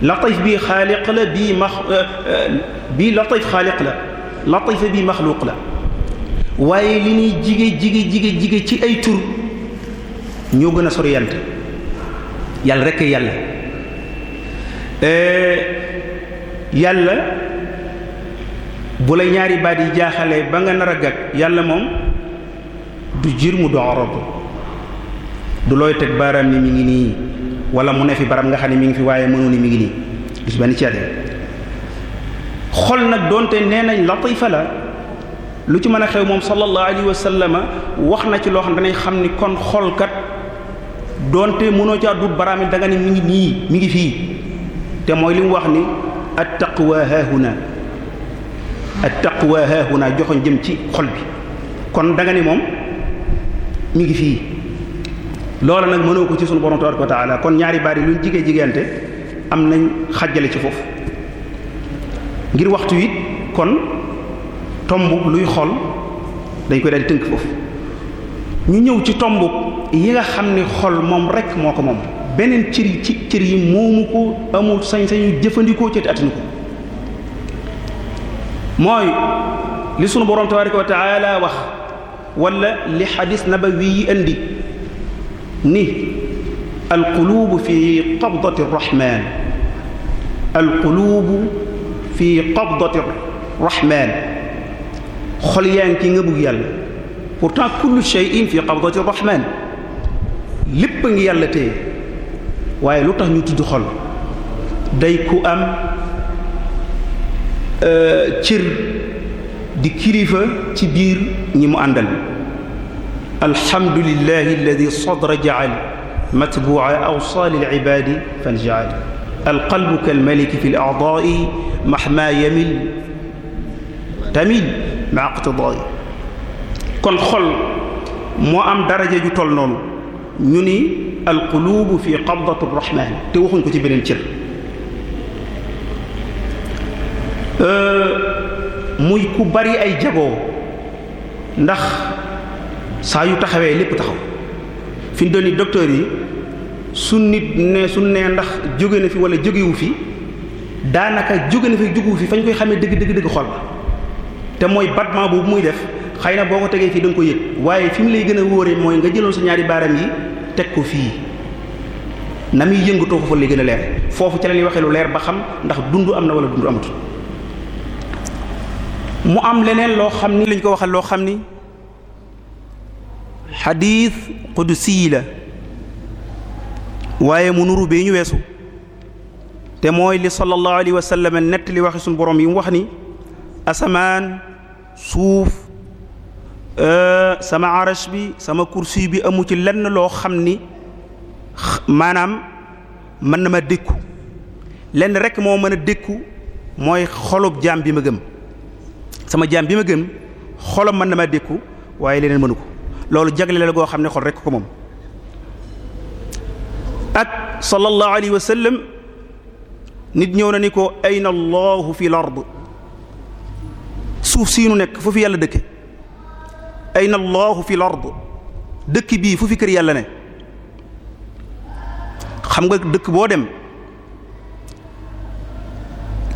latif bii xaaliq la bii max ah, ah, bii latif xaaliq la latifa bii maxluuq la waaye li ñuy jige jige jige jige ci ay tur ñoo gën a soriyante yàlla rekk yàlla eh, yàlla bu la ñaari baat yi jaaxalee ba nga nar a gag yàlla moom du jir mu du orob du looy teg baaraam ni mi ngi nii wala mu ne fi baram nga xam ne mi ngi fi waaye mënu ni mi ngi nii du ci benn ci àddee xol nag doonte nee nañ latifa la lu ci mën a xew moom sallallahu alayhi wa sallama wax na ci loo xam danay xam ni kon xolkat donte mënoo caa dut baraami da nga ni ngi nii mi ngi fii te mooy li mu wax ni at taqwa haahuna at taqwa haahuna joxoñ jëm ci xol bi kon da nga moom mu ngi fii loola nag mënoo ko ci sunu borom tabaraka wa taala kon ñaari baat yi luñ jigee jigéente am nañ xajjale ci foofu ngir waxtu it kon tomb luy xool dañ koy daal tënk foofu ñu ñëw ci tomb yi nga xam ni xol moom rekk moo ko moom beneen cër yi ci cër yi moomu ko amul sañ-sañu jëfandikoo ci atinu ko mooy li sunu borom tabaraka wa wax wala li xadis nabawi yi indi ni alqulubu fi qabdati rrahman alqulubu fi qabdati rrahman xol yaa ngi nga bugg yàlla pourtant kullu shay'in fi qabdati rahman lépp a ngi yàlla téye waaye lu tax ñu tudd xol day ku am euh, cër di kilifa ci biir ñi mu àndal alhamdulillahi alladi sadra jaal matbu'a awsali alibadi fanjaal alqalbu kalmaliki fi alaadaai mahma yamil tamil ma iqtidaay kon xol moo am daraja ju toll noonu ñu ni alqulubu fi qabdati rahman te waxuñ ko ci beneen cër euh, muy ku bari ay jagoo ndax saa yu taxawee lépp taxaw fi ñu doon ni docteur yi su nit ne su nee ndax jóge na fi wala jógewu fi daanaka jóge na fi jógewu fi fañ koy xamee dëgg dëgg dëgg xol la te mooy battement boobu muy def xëy na boo ko tegee fii da ko yëg waaye fi mu lay gën a wóoree mooy nga jëloon sa ñaari baaraam yi teg ko fii na muy yëngatoo fa lay gën a leer foofu ca la ñuy waxee lu leer ba xam ndax dund am na wala dund amut mu am leneen loo xam ni lañ ko waxal loo xam ni xadiis qudusi la waaye mu nuru bee ñu weesu te mooy li sallallahu alayhi wa sallam nett li waxi suñu borom yi mu wax ni asamaan suuf euh, sama arash bi sama kursi bi amu ci lenn loo xam ni maanaam mën na ma dékku lenn rek moo mën a dékku mooy xolub jaam bi ma gëm sama jaam bi ma gëm xolam mën na ma dékku waaye leneen mënu ko loolu jagle la goo xam ne xol rekk ko moom ak sallallahu alayhi wa sallam nit ñëw na ni ko ayna allahu fi ard suuf sii nekk fu fi yàlla dëkke ayna allahu fi l ard dëkk bii fu fi kër yàlla ne xam nga dëkk boo dem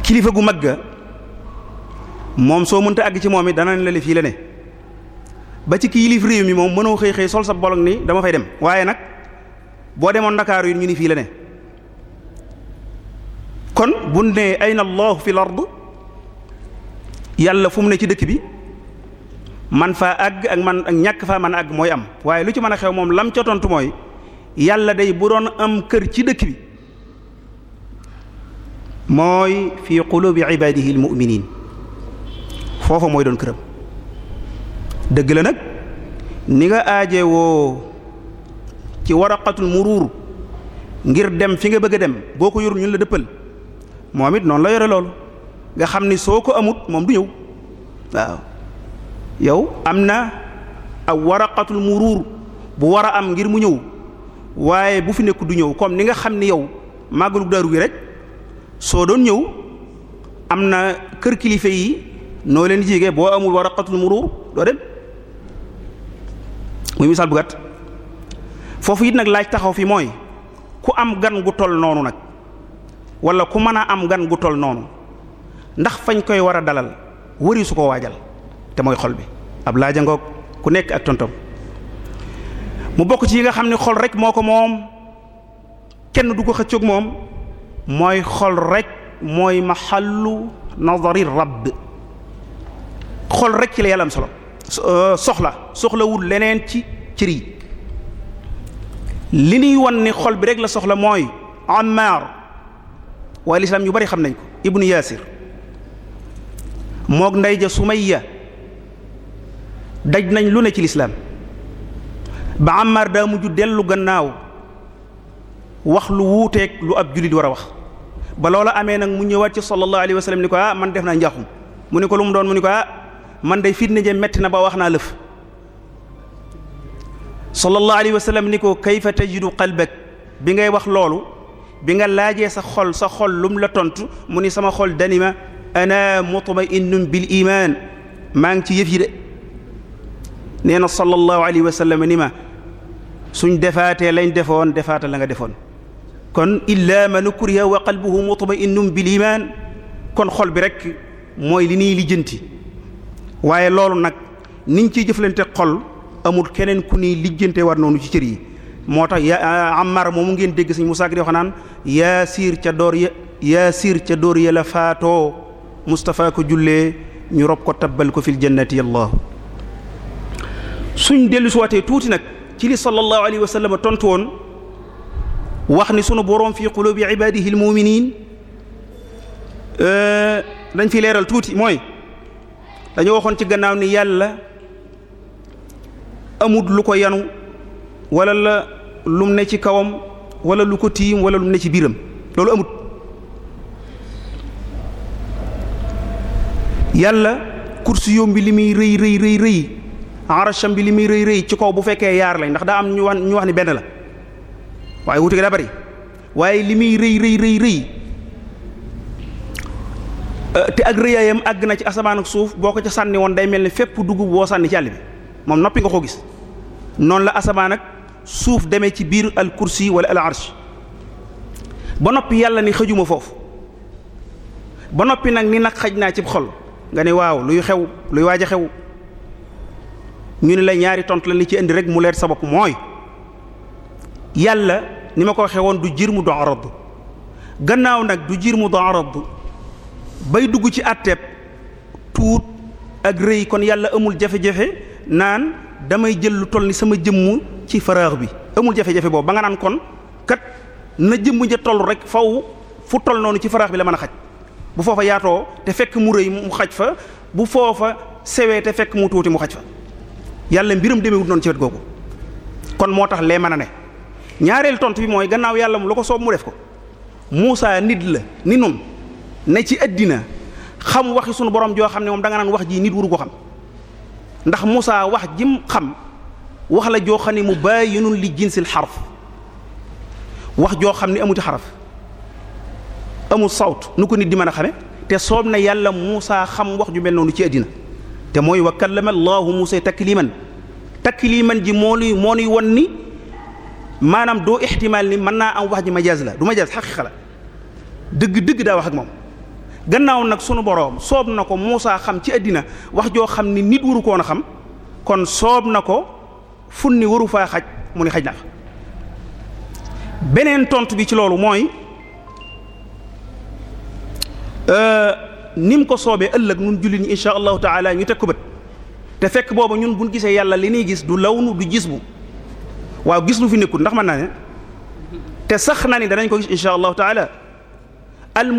kilifa gu mag ga moom soo mënta àgg ci moom it dana la le fii la ne ba ci kilif réew mi moom mënoo xëy xëy sol sa bolog ni dama fay dem waaye nag boo demoon ndakaaru yi ñu ni fii la ne kon bu ne ayna allahu fi l yàlla fu mu ci dëkk bi man faa àgg ak man ak ñàkk faa man a àgg mooy am waaye lu ci mën a xew moom lam ca tontu mooy yàlla day bu doon am kër ci dëkk bi mooy fi qulubi ibadihi almuminin foofa mooy doon këram dëgg la nag ni nga aaje woo ci mu ruur ngir dem fi nga bëgg a dem boo ko yorul ñun la dëppal moom it noonu la yore loolu nga xam ni soo ko amut moom du ñëw waaw yow am na aw waraqatul muruur bu war a am ngir mu ñëw waaye bu fi nekk du ñëw comme ni nga xam ni yow màggalu daaru gi rek soo doon ñëw am na kër kilifa yi noo leen jege boo amul waraqatul muruur doo dem muy misaal bu foofu it nag laaj taxaw fi mooy ku am gan gu toll noonu nag walla ku mën a am gan gu toll noonu ndax fañ koy war a dalal wëri su ko waajal te mooy xol bi ab laaja ngoog ku nekk ak tontom mu bokk ci yi nga xam ne xol rek moo ko moom kenn du ko xëccoog moom mooy xol rek mooy maxallu nazari rab xol rek ci la yàlla am solo euh, soxla soxlawul leneen ci cër yi li ñuy wan ni xol bi rek la soxla mooy Ammar waaye lislaam yu bari xam nañ ko ibnu Yaasir moog ndey ja ya daj nañ lu ne ci lislaam ba Ammar daa mujj dellu gannaaw wax lu wuuteeg lu ab jullit war a wax ba loolu amee nag mu ñëwaat ci sallallahu alayhi wa sallam ni ah, man def naa njaaxum mu ni ko lu mu doon mu ni ah, man day fitna ja metti na ba wax naa lëf sallallahu alayhi wa sallam ni ko kayfa tajidu qalbak bi ngay wax loolu bi nga laajee sa xol sa xol lum la tontu mu ni sama xol danima ma mutma'innun bil imaan maa ngi ci yëf yi de nee na sallallahu alayhi wa sallam ni ma suñ defaatee lañ defoon defaata la nga defoon kon illa man kuriha wa qalbuhu mutma'innun bil iman kon xol bi rek mooy li nii lijjanti waaye loolu nag niñ ciy jëflante xol amul keneen ku nii lijjante war noonu ci cër yi moo tax ya ah, Ammar moomu ngeen dégg sëñ Musaa gi di wax siir ca door ya yaa siir ca door ya la faatoo Moustapha ko jullee ñu rob ko tabbal ko fi jannati yàlla suñ dellu tuuti nag ci li sallallahu alayhi wa sallam tontu woon wax ni sunu boroom fi qulubi ibadihi al muminin euh, dañ fi leeral tuuti mooy dañoo waxoon ci gannaaw ni yàlla amut lu ko yanu wala la lum ne ci kawam wala lu ko tiim wala lum ne ci biiram loolu amut. yàlla kursiyum bi li muy rëy rëy rëy rëy arasham bi li muy rëy rëy ci kaw bu fekkee yaar lañ ndax daa am ñu wax ñu wax ni benn la waaye wuute gi daa bari waaye li muy rëy rëy rëy rëy euh, te ak rëyaayam àgg na ci asamaan ak suuf boo ko ca sànni woon day mel ni fépp dugub boo sànni ci àll bi moom noppi nga ko gis noonu la asamaan ak suuf demee ci biir al kursi wala al arsh ba noppi yàlla ni xëjuma foofu ba noppi nag ni nag xaj naa ci xol nga ne waaw luy xew luy waaj a xew ñu ne la ñaari tont la li ci indi rek mu leer sa bopp mooy yàlla ni ma ko waxee woon du jiir mu do arab gannaaw nag du jiir mu do arab bay dugg ci àtteeb tuut ak rëy kon yàlla amul jafe-jafe naan damay jël lu toll ni sama jëmm ci faraax bi amul jafe-jafe boobu ba nga naan kon kat na jëmm ja tollu rek faw fu toll noonu ci faraax bi la mën a xaj bu foofa yaatoo te fekk mu rëy mu xaj fa bu foofa sewee te fekk mu tuuti mu xaj fa yàlla mbiram demewut noonu ci wet googu kon moo tax lee mën a ne ñaareel tontu bi mooy gannaaw yàlla mu la ko soob mu def ko Muusaa nit la ni nun ne ci àddina xam waxi sunu borom joo xam ne moom da nga naan wax ji nit wuru ko xam ndax Muusaa wax jim xam wax la joo xam ne mu bàyyinun li jinsil xaraf wax joo xam ne amuti xaraf amul sawt nu ko nit di mën a xame te soob na yàlla Muusa xam wax ju mel noonu ci àddina te mooy wa kallama allahu Muusa takliman takliman ji moo nuy moo nuy won ni maanaam doo ixtimaal ni mën naa am wax ji majaas la du majaas xaqiqa la dëgg dëgg daa wax ak moom gannaaw nag sunu boroom soob na ko Muusa xam ci àddina wax joo xam ni nit waru koon a xam kon soob na ko funni waru faa xaj mu ni xaj na beneen tontu bi ci loolu mooy Euh, ni mu ko soobee ëllëg nun jullit ñi insha allahu taala ñu teg ko bët te fekk boobu ñun buñ gisee yàlla li ñuy gis du lawnu du gis bu waaw gis lu fi nekkul ndax mën naa ne te sax na ni danañ ko gis insha allahu taala al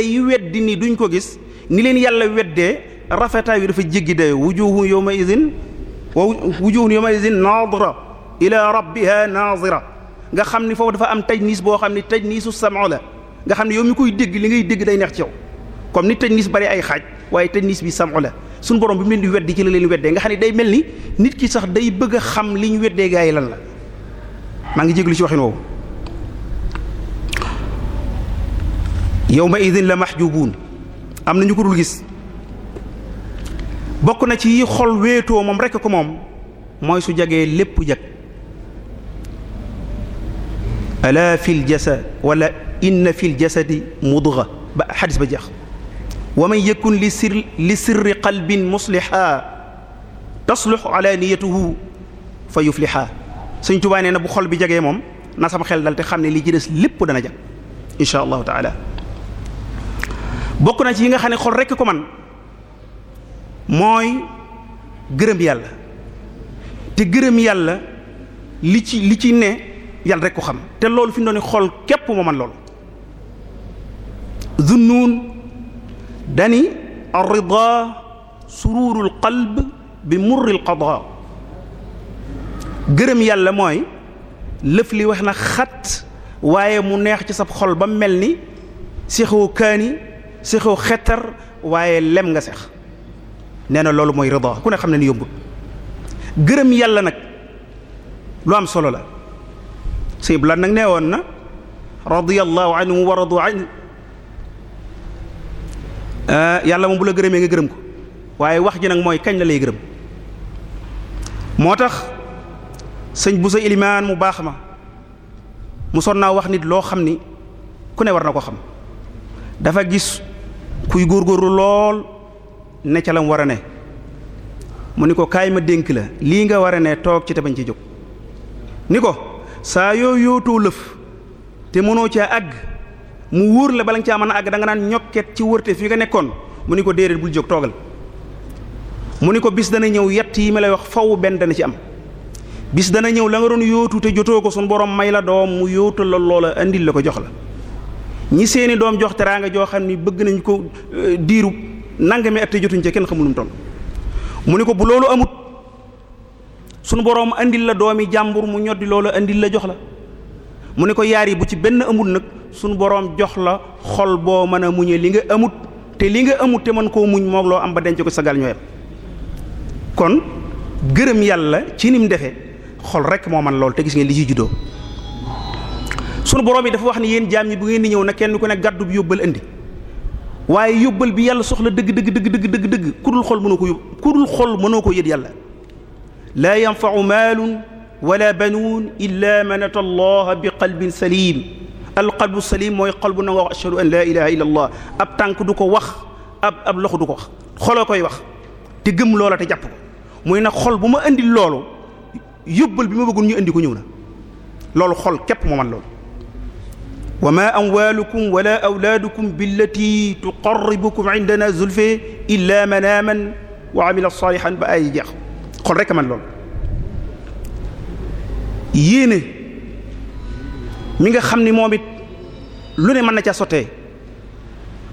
yi weddi ni duñ ko gis ni leen yàlla weddee rafetaay wi dafa jéggi dayo wujuhun yawma idin wa wujuhun ma idin nadra ila rabbiha nazira nga xam ni foofu dafa am tajniis boo xam ni tajniisu sam'u la nga xam ne yow mi koy dégg li ngay dégg day neex ci yow comme ni tennis bari ay xaaj waaye tennis bi sam'u la suñu borom bi mu leen di weddi ci la leen weddee nga xam ne day mel ni nit ki sax day bëgg a xam li ñu weddee gaa yi lan la maa ngi jéglu ci waxin woowu yawma idin la mahjubuun am na ñu ko dul gis bokk na ci xol wéetoo moom rekk ko moom mooy su jagee lépp jag ala fil jasad wala inna fil jasadi mudga ba xadis ba jeex wa man yakun li sir li sirri qalbin musliha taslux alaniyatuhu fa yufliha suñ tubaa nee na bu xol bi jegee moom na sama xel dal te xam ne li ci des lépp dana jag insha allahu taala bokk na ci yi nga xam ne xol rekk ko man mooy gërëm yàlla te gërëm yàlla li ci li ci ne yàlla rek ko xam te loolu fi mu doon xol képp moo man loolu Zunnun dani arrida sururul qalb bi murril qadaa gërëm yàlla mooy lëf li wax na xat waaye mu neex ci sab xol ba mel ni sexoo kaani sexoo xettar waaye lem nga sex nee na loolu mooy rida ku ne xam ne ni yóbbul gërëm yàlla nag lu am solo la nag nee woon na radiyallahu anhu wa radu anhu Eh, yàlla moom bu la gërëmee nga gërëm ko waaye wax ji nag mooy kañ la lay gërëm moo tax sëñ bu sa ilimaan mu baax ma mu son naa wax nit loo xam ni ku ne war na ko xam dafa gis kuy góor góorgóorlu lool ne ca lam war a ne mu ni ko kaay ma dénk la lii nga war a ne toog ci te bañ ci jóg ni ko saa yoo yootoo lëf te mënoo caa àgg mu wóor la bala nga caa mën a àgg da nga naan ñokket ci wërte fi nga nekkoon mu ni ko déedéet bul jóg toogal mu ni ko bis dana ñëw yett yi ma lay wax faw benn dana ci am bis dana ñëw la nga doon yóotu te jotoo ko suñu boroom may la doom mu yóotu la loola indil la ko jox la ñi seeni doom jox teraanga joo xam ni bëgg nañ ko euh, diiru nangami at te jotuñ ca kenn mu toll ni ko bu loolu amut sunu borom indil la doomi jàmbur mu ñoddi loola indil la jox la mu ni ko yaar yi bu ci benn amul nag sunu boroom jox la xol boo mën a muñe li nga amut te li nga amut te mën koo muñ moo loo am ba denc ko sagal ñooyam kon gërëm yàlla ci nim defe xol rek moo man lool te gis ngeen li ci juddoo sunu boroom yi dafa wax ni yéen jaam ñi bu ngeen di ñëw na kenn ko ne gàddu bu yóbbal indi waaye yóbbal bi yàlla soxla dëgg dëgg dëgg dëgg dëgg dëgg ku dul xol mënoo ko yób xol mënoo ko yët yàlla laa yanfau maalun wala banuun illa man ata allaha bi qalbin salim alqalbu salim mooy xol bu nangoo ashhadu an la ilaha illa allah ab tànk du ko wax ab ab loxo du ko wax xoloo koy wax te gëm loola te jàpp ko muy nag xol bu ma indi loolu yóbbal bi ma bëggoon ñu indi ko ñëw na loolu xol képp moo man loolu wa ma amwalukum wala awlaadukum billati tuqarribukum indana zulfe illa man aamana wa amila salihan ba ay jeex xol rek man loolu mi nga xam ni moom it lu ne mën na ca sottee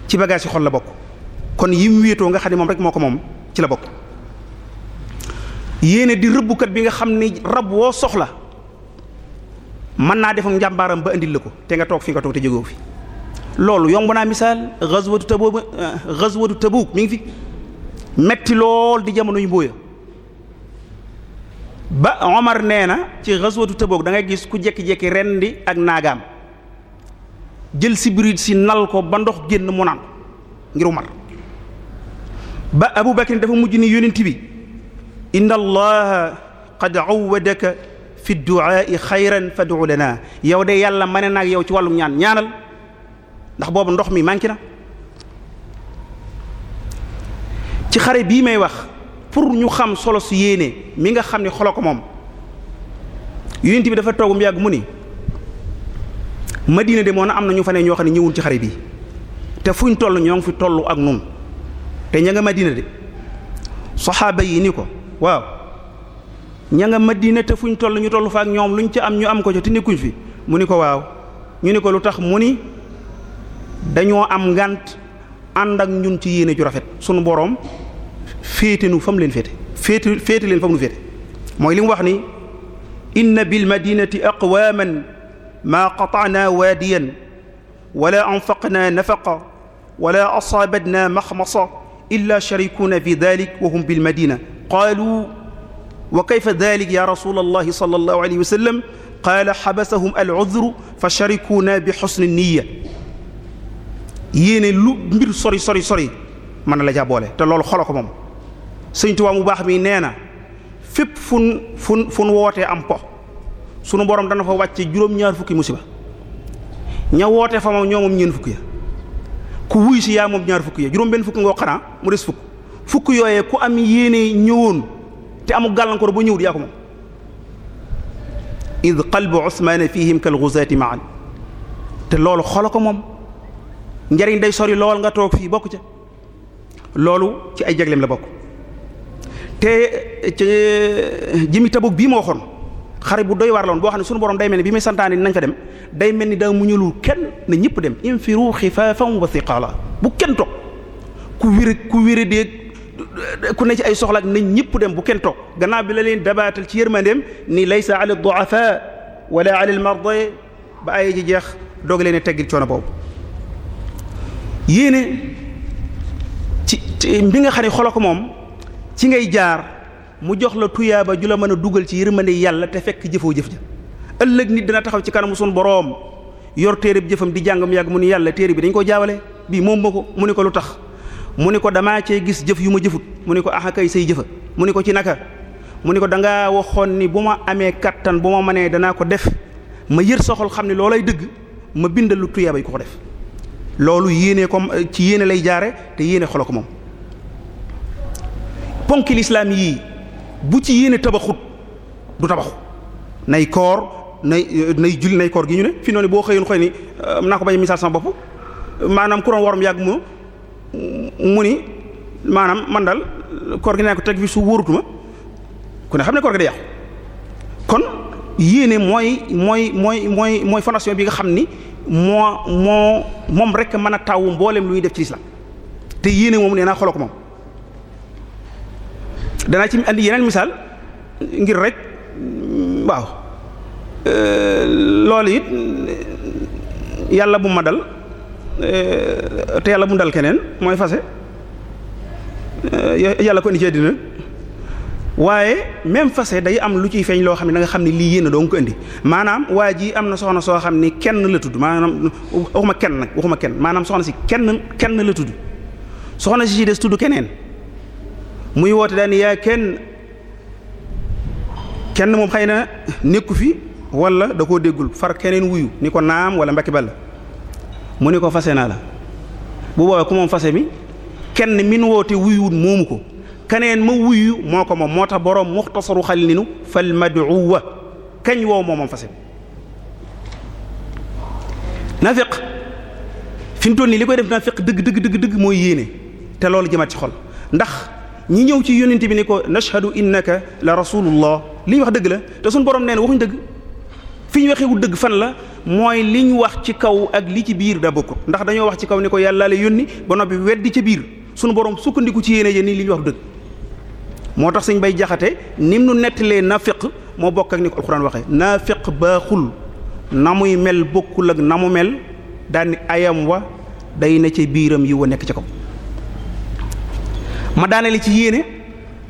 ci bagage yi xol la bokk kon yim wéetoo nga xam ne moom rek moo ko moom ci la bokk yéene di rëbbukat bi nga xam ni rab woo soxla mën naa defum njàmbaaram ba indil la ko te nga toog fi nga toog te jógoo fi loolu yomb naa misaal gazwatu Tabuk gazwatu Tabuk mi ngi fi metti lool di jamono yu mbóoya ba Omar nee na ci xaswatu Tabuk dangay gis ku jekki-jekki rendi ak naagaam jël sibiriit si nal ko ba ndox génn mu naan ngir Omar ba Abu Bakr dafa mujj ni yonent bi inna allaha qad awwadaka fi duaai xayran fadu lana yow de yàlla mane naag yow ci wàllum ñaan ñaanal ndax boobu ndox mi manqué na ci xare bii may wax pour ñu xam solo su yéene mi nga xam ne xolo ko moom yonent bi dafa toog mu yàgg mu ni Madina de moo na am na ñu fa ne ñoo xam ne ñëwul ci xare bi te fuñ toll ñoo ngi fi toll ak nun te ña nga Madina de saxaaba yi ni ko waaw ña nga Madina te fuñ toll ñu toll fa ak ñoom luñ ci am ñu am ko ci te nekkuñ fi mu ni ko waaw ñu ni ko lu tax mu ni dañoo am ngànt ànd ak ñun ci yéene ju rafet sunu boroom féete nu fa mu leen féete féete féete leen fa mu nu féete mooy li mu wax ni inna bil madinati aqwaman maa qata'naa waadiyan wala anfaqnaa nafaqa wala asaabatnaa maxmasa illa sharikuuna fi dalik wa hum bil madina qaalu wa kayfa dalik ya rasula allahi sallallahu alayhi wa sallam qaala xabasahum al udru fa sharikuuna bi xusni niya yéene lu mbir sori sori sori mën na la caa boole te loolu xola ko moom sëñ Tuubaa mu baax mi nee na fépp fun fun fun wootee am po sunu borom dana fa wàcce juróom-ñaar fukki mu musiba ña woote fa moom ñoo moom ñeen fukki ya ku wuy si yaa moom ñaar fukki ya juróom benn fukki ngoo xanaa mu des fukk fukk yooyee ku am yéene ñëwoon te amul gàllankoor ba ñëwul yaa ko moom id qalbu usmaana fihim kal guzaati maan te loolu xolo ko moom njariñ day sori lool nga toog fii bokk ca loolu ci ay jagleem la bokk te ci jimi tabuk bii moo waxoon xare bu doy war la boo xam ne sunu borom day mel ni bi muy santaane nañ fa dem day mel ni daa muñulul kenn na ñëpp dem fi infiru xifaafan wa siqaala bu kenn toog ku wér ku wér déeg ku ne ci ay soxla ak nañ ñëpp dem bu kenn toog gannaaw bi la leen dabaatal ci yërmandeem ni laysa ala duafa wala ala al marda ba ay ji jeex doog leen teggil coono boobu yéene ci ci bi nga xam ne xolo ko moom ci ngay jaar mu jox la tuyaaba ju la mën a dugal ci ma yërmande yàlla te fekk jëfoo jëf ja ëllëg nit dana taxaw ci kanamu sun boroom yor téere bi jëfam di jàng mu yàgg mu ni yàlla téere bi dañ ko jaawale bii moom ma ko mu ni ko lu tax mu ni ko damaa cee gis jëf yu ma jëfut mu ni ko ah say jëfa mu ni ko ci naka mu ni ko danga waxoon ni bu ma amee kàttan bu ma mënee danaa ko def ma yër soxol xam ne loolu loolay dëgg ma bindal lu tuyaaba yi ko ko def loolu yéenee ko ci yéene lay jaare te yéene xolo ko moom ponki lislaam yii bu ci yéene tabaxut du tabaxu nay koor nay euh, nay julli nay koor gi ñu ne fi noonu boo xëyoon xëy ni euh, naa ko bañ misaal sama bopp maanaam ku doon warum yàgg mu mu ni maanaam man daal koor gi naa ko teg fi su wóorutuma ku ne xam ne koor gi day yàqu kon yéene mooy mooy mooy mooy mooy fondation bi nga xam ni moo moo moom rek mën a taw mboolem luy def ci lislaam te yéene moom nee naa xooloo ko moom danaa ci andi yeneen misaal ngir rek waaw euh, loolu it yàlla bu ma dal euh, te yàlla bu mu dal keneen mooy fase euh, yàlla ko indi ci àddina waaye même fase day am lu ciy feeñ loo xam ne danga xam ne lii yéen a doon ko indi maanaam waa ji am na soxna soo xam ni kenn la tudd maanaam waxuma kenn nag waxuma kenn maanaam soxna si kenn kenn la tudd soxna si si des tudd keneen. muy woote daan yaa kenn kenn moom xëy na nekku fi wala da koo déggul far keneen wuyu ni ko naam wala mbakki bal mu ni ko fase naa la bu boobaa ku moom fase mi kenn min woote wuyuwut moomu ko keneen ma wuyu moo ko moom moo tax boroom muxtasaru xalil ninu fal maduwa kañ woow moo moom fase bi nafiq fi mu toll nii li koy def nafiq dëgg dëgg dëgg dëgg mooy yéene te loolu jëmat ci xol ndax ñi ñëw ci yonent bi ni ko nashhadu innaka la rasulullah li ñu wax dëgg la te suñu borom nee na waxuñu dëgg fi ñu waxewu dëgg fan la mooy li ñu wax ci kaw ak li ci biir da bokk ndax dañoo wax ci kaw ni ko yàlla la yónni ba noppi weddi ca biir suñu boroom sukkandiku ci yéene yéen li ñu wax dëgg moo tax sëñ bay jaxate nim nu nettalee naafiq moo bokk ak ni ko alxuraan waxee naafiq baaxul na muy mel bokkul ak na mu mel daal ayam wa day na ci biiram yi nekk ca kaw ma li ci yéene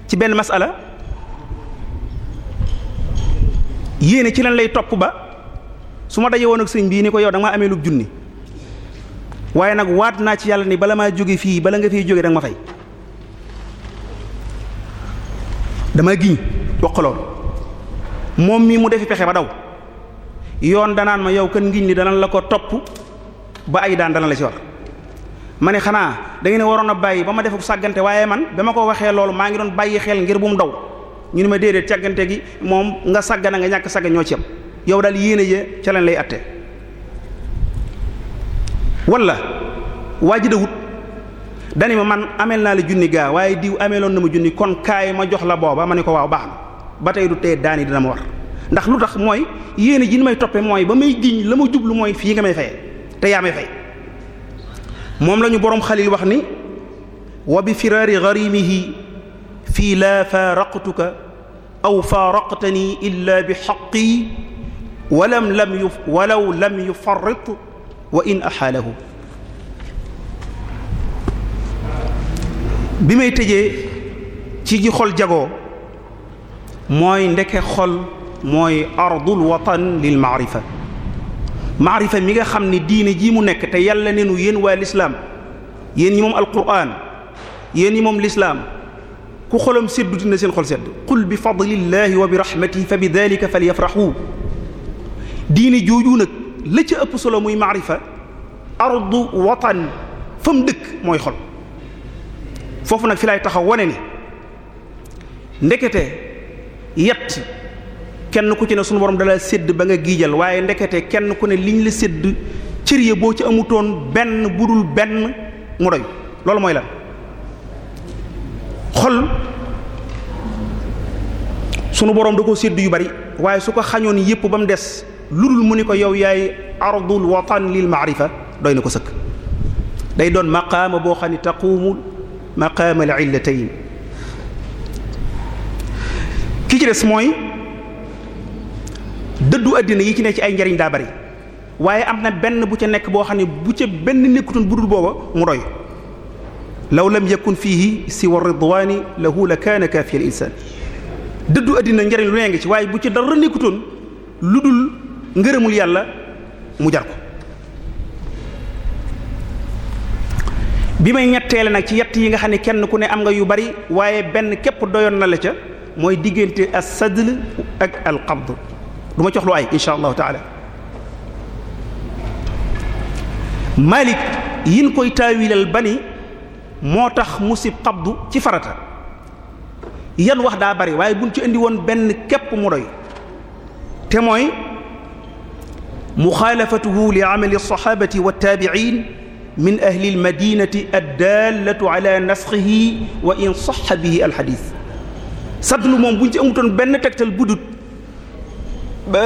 ci benn masala yéene ci lan lay topp ba su ma daje woon ak sëñ bii ni ko yow da nga amee lu junni waaye nag waat naa ci yàlla ni bala maa jóge fii bala nga fiy jóge da ma fay dama giñ wax moom mii mu defi pexe ba daw yoon danaan ma yow kën ngiñ li dana la ko topp ba ay daan dana la ci war ma ne xanaa da ngeen waroon a bàyyi ba ma defuk sàggante waaye man ba ma ko waxee loolu maa ngi doon bàyyi xel ngir bu mu daw ñu ni ma déedéet sàggante gi moom nga sàggana nga ñàkk sàgg ñoo ci am yow dal yéene yee ca leen lay atte wala waa ji dawut dani ma man ameel naa la junni gaa waaye diw ameeloon na ma junni kon kaay ma jox la booba ma ne ko waaw baax na ba tey du tey daan dina ma war ndax lu tax mooy yéene ji ni may toppe mooy ba may giñ la ma jublu mooy fii nga may faye te yaa fay moom lañu boroom xalil wax ni wa bi firaari garimihi fii laa faaraqtuka aw faaraqtani illa bi xaqi walam lam yu walaw lam yufarrit wa in axaalahu bi may tëjee ci ji xol jagoo mooy ndeke xol mooy ardul watan lil maarifa maarifa mi nga xam ni diine jii mu nekk te yàlla ne nu yéen waa lislaam yéen yi moom alquran yéen ñi moom lislaam ku xolam seddu dina seen xol sedd qul bi fadlillahi wa bi rahmatihi fa bi dalika falyafrahu diine jooju nag la ca ëpp solo muy marifa ardu watan fa mu dëkk mooy xol foofu nag fi lay taxaw wone ni ndekete yett kenn ku ci ne sunu borom dala sédd ba nga giijal waaye ndekete kenn ku ne liñ la sédd cër ya boo ci amutoon benn budul benn mu loolu mooy la xol sunu borom da ko sédd yu bari waaye su ko xañoon yépp ba mu des lu dul mu ni ko yow yaay ardul watan lil maarifa ko sëkk day doon maqaama boo xam ne taqumu maqaama al illatayn ki ci des mooy dëddu àddina yi ci ne ci ay njariñ daa bari waaye am na benn bu ca nekk boo xam ne bu ca benn nekkutoon bu dul booba mu doy law lam fii fiihi siwa ridwaani lahu la kaana kaafiya insaan dëddu àddina njariñ lu nee ngi ci waaye bu ci dara nekkutoon lu dul ngërëmul yàlla mu jar ko bi may ñetteele nag ci yett yi nga xam ne kenn ku ne am nga yu bari waaye benn képp doyoon na la ca mooy diggante as sadl ak al du ma jox lu ay insha allahu taala malik yin koy taawilal bani moo tax mu sib xabdu ci farata yan wax daa bari waaye buñ ci indi woon benn képp mu doy te mooy muxaalafatuhu li amali alsaxabati waltaabiin min ahli almadinati addallatu ala nasxihi wa in saxa bihi alxadis sadlu moom buñ ci amutoon benn tegtal budut ba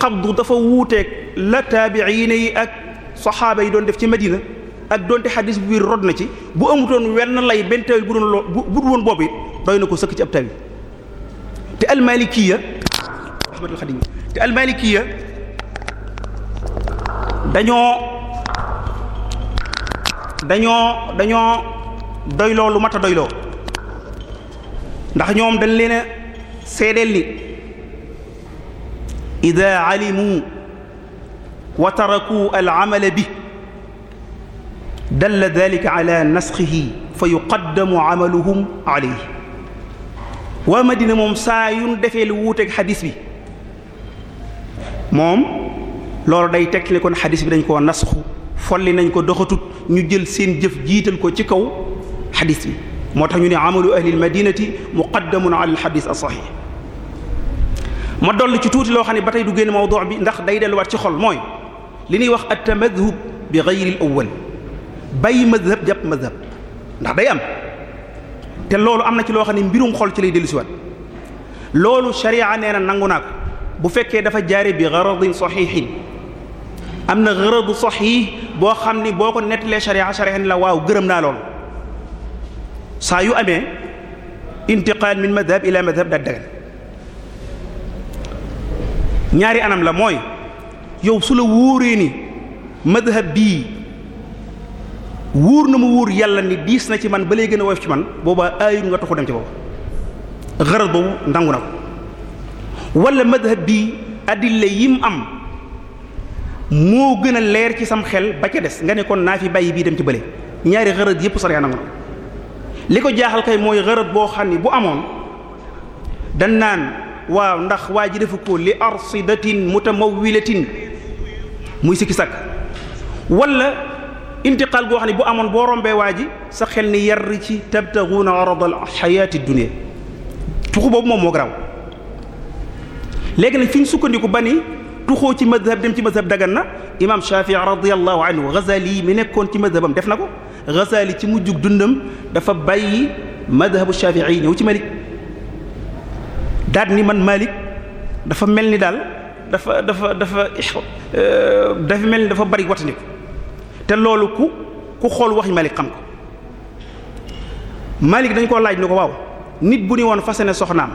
xabdu dafa wuuteeg la taabiin yi ak saxaaba yi doon def ci madina ak donte xadis bi biir rod na ci bu amutoon wenn lay benn tawil bu doon loo bu dul woon boobu doy na ko sëkk ci ab tawi te almalikiya ahmadul xadim dañoo dañoo dañoo doyloo lu mat a doyloo ndax ñoom dañ leen a ni إذا علموا وتركوا bi به دل ذلك على نسخه فيقدم عملهم عليه waa Madina moom saa yun defee lu wuuteeg xadis bi moom loolu day teg ne kon xadis bi dañ koo nasxu folli nañ ko doxatut ñu jël seen jëf jiital ko ci kaw xadis bi moo tax ñu ne amalu ahlil madinati muqaddamun ala alxadis as saxiix ma dolli ci tuuti loo xam ne ba tey du génn mawdu bi ndax day delluwaat ci xol mooy li ñuy wax at tamadhub bi ghayril awwal bàyyi madhab jàpp madhab ndax day am te loolu am na ci loo xam ne mbirum xol ci lay dellusiwaat loolu sharia nee nangu naa bu fekkee dafa jaare bi garadin saxiixin am na garadu saxiix boo xam ni boo ko nettalee sharia sharia la waaw gërëm naa loolu saa yu amee intiqal min madhab ila madhab daal dagan ñaari anam la mooy yow su la wóoree ni madhab bii wóor na mu wóor yàlla ni diis na ci man ba lay gën a woyof ci man boobaa aayul nga taxu dem ci boobu xaral boobu ndangu na ko wala madhab bii addile yim am moo gën a leer ci sam xel ba ca des nga ne kon naa fi bàyyi bii dem ci bële ñaari xarat yépp sariya nangu na li ko jaaxal kay mooy xarat boo xam ne bu amoon dan waaw ndax waa ji defu ko li arsidatin mutamawilatin muy sikki sàkk wala intiqaal goo xam ne bu amoon boo rombee waa ji sa xel ni yar ci tabtaguuna aradal xayaati dunia tuxu boobu moom moo garaaw léegi nag fi sukkandiku ba ni tuxoo ci madhab dem ci madhab dagan na imam Shafii radiallahu anhu Ghazali mi nekkoon ci madhabam def na ko Ghazali ci mujjug dundam dafa bàyyi madhabu Shafii ñëw ci Malik daat ni man Malik dafa mel ni daal dafa dafa dafa euh, dafa mel ni dafa bari watandiku te loolu ku ku xool waxi Malik xam ko Malik dañ koo laaj ni ko waaw nit bu ni woon fase ne soxnaam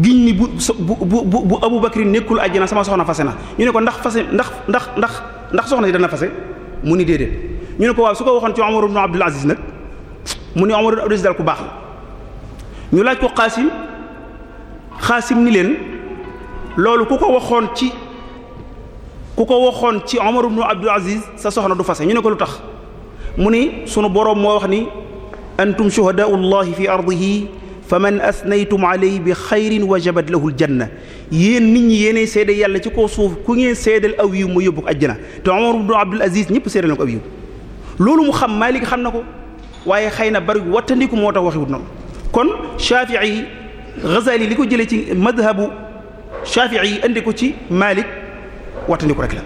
giñ ni bu bu bu bu Abubakar nekkul àjjana sama soxna fase na ñu ne ko ndax fase ndax ndax ndax ndax soxna si dana fase mu ni déedéet ñu ne ko waaw su ko waxoon ci Umar ibn Aziz nag mu ni Umar ibn Aziz daal ku baax la ñu laaj ko Qasim xaasim ni leen loolu ku ko waxoon ci ku ko waxoon ci Omar ibn Abdul Aziz sa soxna du fase ñu ne ko lu tax mu ni sunu boroom moo wax ni antum shuhadaau llahi fi ardihi fa man asnaytum alayhi bi xayrin wajabat lahu aljanna yéen nit ñi yéenay seede yàlla ci koo suuf ku ngeen seedal aw yiw mu yóbbu ko ajjana te Omar ibn Abdul Aziz ñëpp seedal na ko aw loolu mu xam Maalik xam na ko waaye xëy na bari wattandiku moo tax waxiwut noonu kon Shaafi'i Ghazali li ko jëlee ci madhabu Shafi'i yi indi ko ci Malik wattandi ko rek la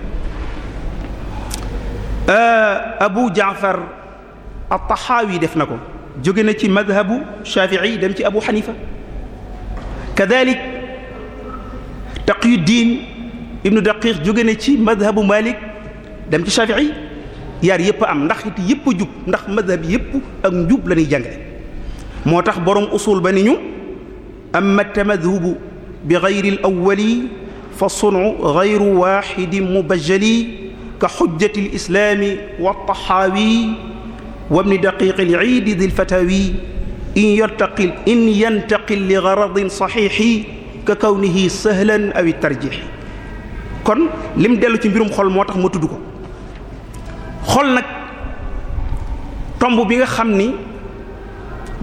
euh, Abu Jaafar at-Tahawi def na ko jóge na ci madhabu Shafi'i dem ci Abu Hanifa kadalik Taqiyuddin ibnu Daqiq jóge na ci madhabu Malik dem ci Shafi'i yaar yëpp am ndax yépp yëpp jub ndax madhab yépp ak njub la ñuy jàngale moo tax borom usul ba ni ñu amma altamadhubu bi gayri alawali fa sunu gayru waxidi mubajali ka xujjati alislaami waltaxaawi wabni daqiqi alciidi di lfatawi in yartaqil in yantaqil li garadin saxiixi ka kawnihi sahlan aw tarjixi kon lim dellu ci mbirum xol moo tax ma tudd ko xol nag tomb bi nga xam ni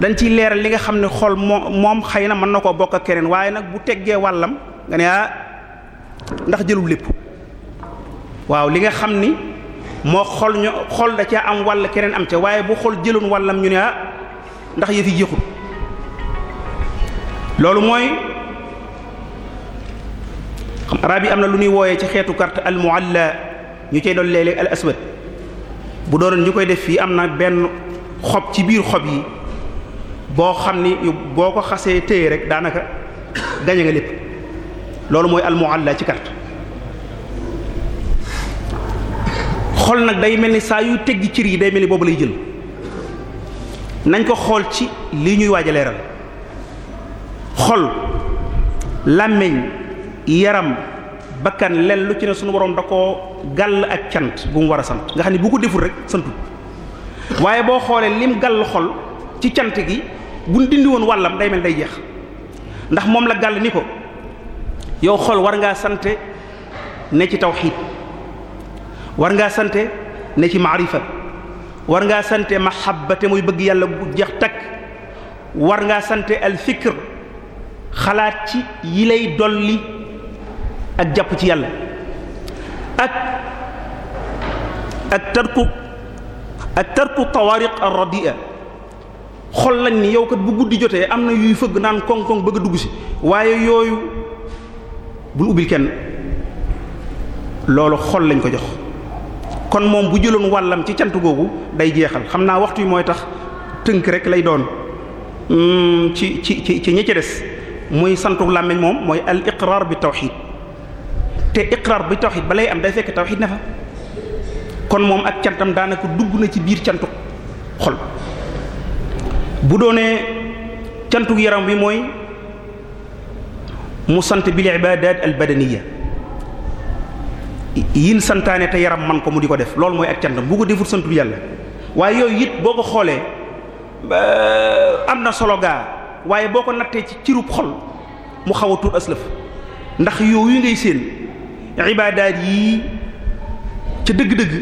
dañ ciy leeral li nga xam ne xol moo moom xëy na mën na koo bokk ak keneen waaye nag bu teggee wàllam nga ne ah ndax jëlul lépp waaw li nga xam ni moo xol ñu xol da caa am wàll keneen am ca waaye bu xol jëloon wàllam ñu ne ah ndax yëf yi jeexul loolu mooy xam yi am na lu ñuy wooyee ci xeetu carte al mualla ñu cay doon léeg-léeg al aswad bu doonoon ñu koy def fii am na benn xob ci biir xob yi boo xam ni boo ko xasee téye rek daanaka gañe nga lépp loolu mooy almuhalla ci carte xol nag day mel ni saa yu teggi cir yi day mel ni boobu lay jël nañ ko xool ci li ñuy waaj a xol làmmiñ yaram bakkan len lu ci ne suñu boroom da ko gàll ak cant bu mu war a sant nga xam ne bu ko deful rek santul waaye boo xoolee lim gàll xol ci cant gi buñ dindi woon wàllam day mel day jeex ndax moom la gàll ni ko yow xool war ngaa sante ne ci tawxiid war ngaa sante ne ci maarifa war ngaa sante mahabbate muy bëgg yàlla bu jeex takk war ngaa sante al fikr xalaat ci yi lay dolli ak jàpp ci yàlla ak ak tarku ak tarku tawaariq ar-radi'a xol lañ ni yow kat bu guddi jotee am na yuy fëgg naan koŋ-koŋ bëgg a dugg si waaye yooyu bul ubbil kenn loolu xol lañ ko jox kon moom bu jëloon wàllam ci cant googu day jeexal xam naa waxtu yi mooy tax tënk rek lay doon hmm, ci ci ci ci ñi ci des muy santu làmmiñ moom mooy al iqrar bi tawxid te iqrar bi tawxid ba lay am day fekk tawxid ne fa kon moom ak cantam daanaka dugg na ci biir cantu xol bu doonee cantug yaram wi mooy mu sant bil ibadat al badaniya yin santaane te yaram man ko mu di ko def loolu mooy ak cant bu ko defut sant yàlla waaye yooyu it boo ko xoolee am na solo gaa waaye boo ko nattee ci cirub xol mu xaw a tuut ndax yooyu ngay seen ibaadaat yi ca dëgg-dëgg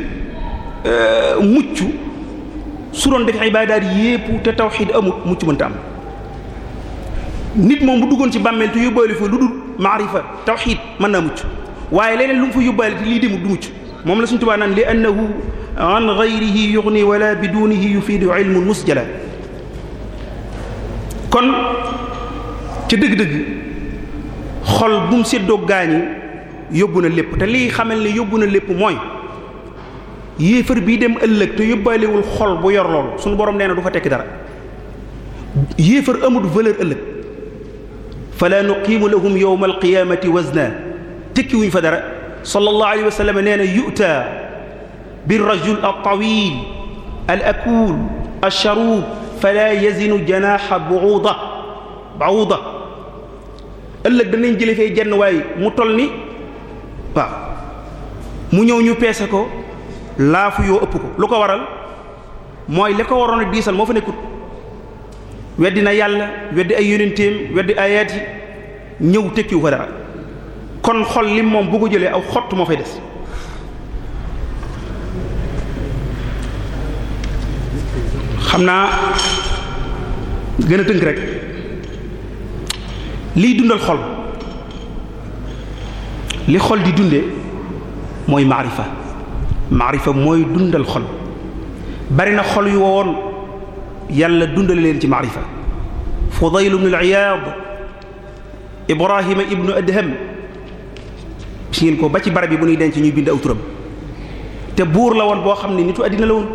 euh, mucc su doon def ibaadaat yépp te tawxiid amul mucc mënta am nit moom bu duggoon ci bàmmeel te yóbbaale fa lu dul maarifa tawxiid mën naa mucc waaye leneen lu mu fa yóbbaale te lii demut du mucc moom la suñu Tuubaa naan li annahu an gayrihi yughni wala bidunihi yufiidu ilmun musjala kon ca dëgg-dëgg xol bu mu séddoo gaañi yóbbu na lépp te lii xamal ne yóbbu na lépp mooy yéefar bii dem ëllëg te yóbbaalewul xol bu yor loolu suñu borom nee na du fa tekki dara yéefar amul valeur ëllëg fala nuqiimu fa dara sallallahu alayhi wa sallam nee na yu'ta bir rajul at-tawil al-akul ash-sharub fala yazinu janaha bu'uda bu'uda ëllëg danañ jële fee jenn waay mu toll ni waaw mu ñëw ñu peese ko laafu yoo ëpp ko lu ko waral mooy li ko waroon a diisal moo fa nekkut weddi na yàlla weddi ay yonenteem weddi ayaat ñëw tekkiwu ko dara kon xol lim moom bu ko jëlee aw xott moo fay des xam naa gën a tënk rek liy dundal xol li xol di dunde mooy maarifa maarifa mooy dundal xol bari na xol yu woon yàlla dundale leen ci maarifa fudayl ibnu al-iyaad ibrahima ibnu adham si ngeen ko ba ci barab yi bu ñuy denc ñuy bind aw turam te buur la won boo xam ne nitu àddina la woon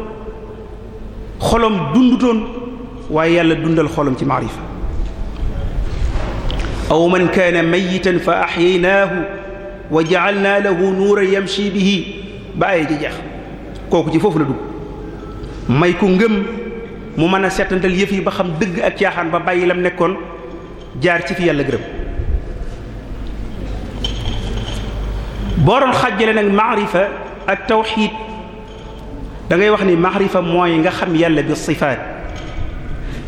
xolom dundutoon waaye yàlla dundal xolom ci maarifa aw man kaana mayitan fa axyaynaahu wa jacalnaa lahu nuuran yamshi bihi bàyyi ji jeex kooku ci foofu la dugg may ku ngëm mu mën a setantal yëf yi ba xam dëgg ak caaxaan ba bàyyi lam nekkoon jaar ci fi yàlla gërëm boo doon xàjjale nag maarifa ak tawxiid dangay wax ni maarifa mooy nga xam yàlla bi sifaat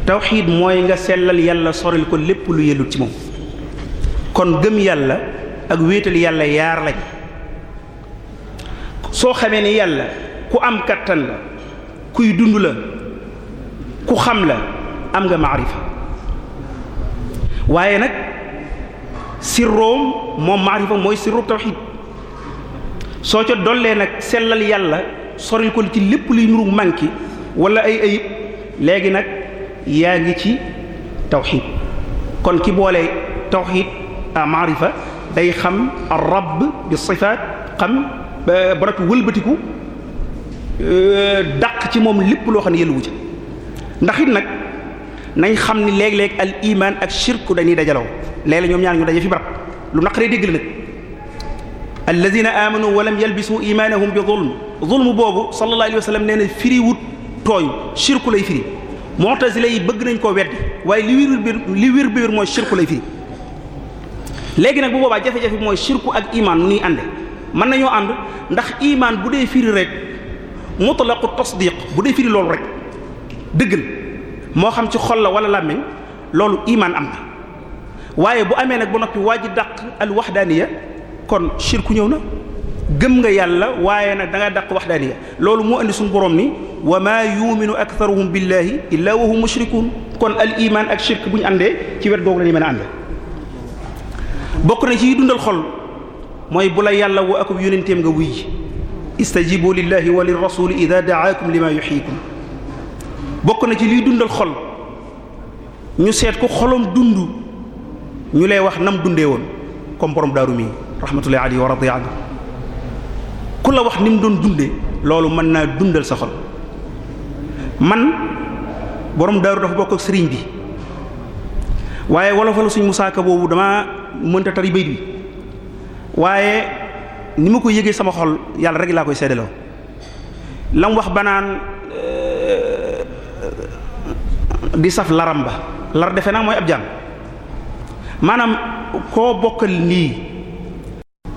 tawxiid mooy nga sellal yàlla soril ko lépp lu yellut ci moom kon gëm yàlla ak wéetal yàlla yaar lañ soo xamee ni yàlla ku am kattan la kuy dund la ku xam la am nga maarifa waaye nag sirroom moom maarifa mooy sirru tawxid soo ca dollee nag sellal yàlla soril ko ci lépp luy nuru manki wala ay ayib léegi nag yaa ngi ci tawxid kon ki boole tawxid a maarifa day xam ar bi sifaat xam Euh, ba noppi wëlbatiku euh, daq ci moom lépp loo xam ne yëluwu ci ndax it nag nañ xam ni léeg-léeg al imaan ak shirku dañuy dajaloo léeg-léeg ñoom ñaar ñu daje fi barab lu naqaree dégg la nag alladina amanu wa lam yalbisu imanahum bi zulm zulm boobu sallallahu alayhi nee na firiwut tooñ shirku lay firi mu'tazila yi bëgg nañ koo weddi waaye li wér bi li mooy shirku lay firi léegi nag bu boobaa jafe-jafe mooy shirku ak imaan nu ñuy ànde mën nañoo ànd ndax imaan bu dee firi rek mutlaqu tasdiq bu dee firi loolu rek dëggal moo xam ci xol la wala làmmiñ loolu imaan am na waaye bu amee nag ba noppi waa ji dàq al waxdaaniya kon shirku ñëw na gëm nga yàlla waaye nag da nga dàq waxdaaniya loolu moo indi suñu borom ni wa maa yuminu aktharuhum billahi illa wa hum mushrikun kon al iman ak shirk bu ñu àndee ci wet googu la ñuy mën a ànd bokk na ci dundal xol mooy bu la yàlla woo akub yónenteem nga wuy istajibu lillahi wa lirrasuli ida daakum lima yuhyikum bokk na ci liy dundal xol ñu seet ku xolom dund ñu lay wax nam dundee woon comme borom daaru mi rahmatullahi alayhi wa radiya anhu ku la wax ni doon dunde loolu mën naa dundal sa man borom daaru dafa bokk sëriñ bi waaye wolofalu suñ musaaka boobu dama mënta tari bayt bi waaye ni ma ko yëgee sama xol yàlla rek laa koy seddaloo lam wax banaan euh, di saf laram ba lar defe naa mooy ab jaam maanaam koo bokkal lii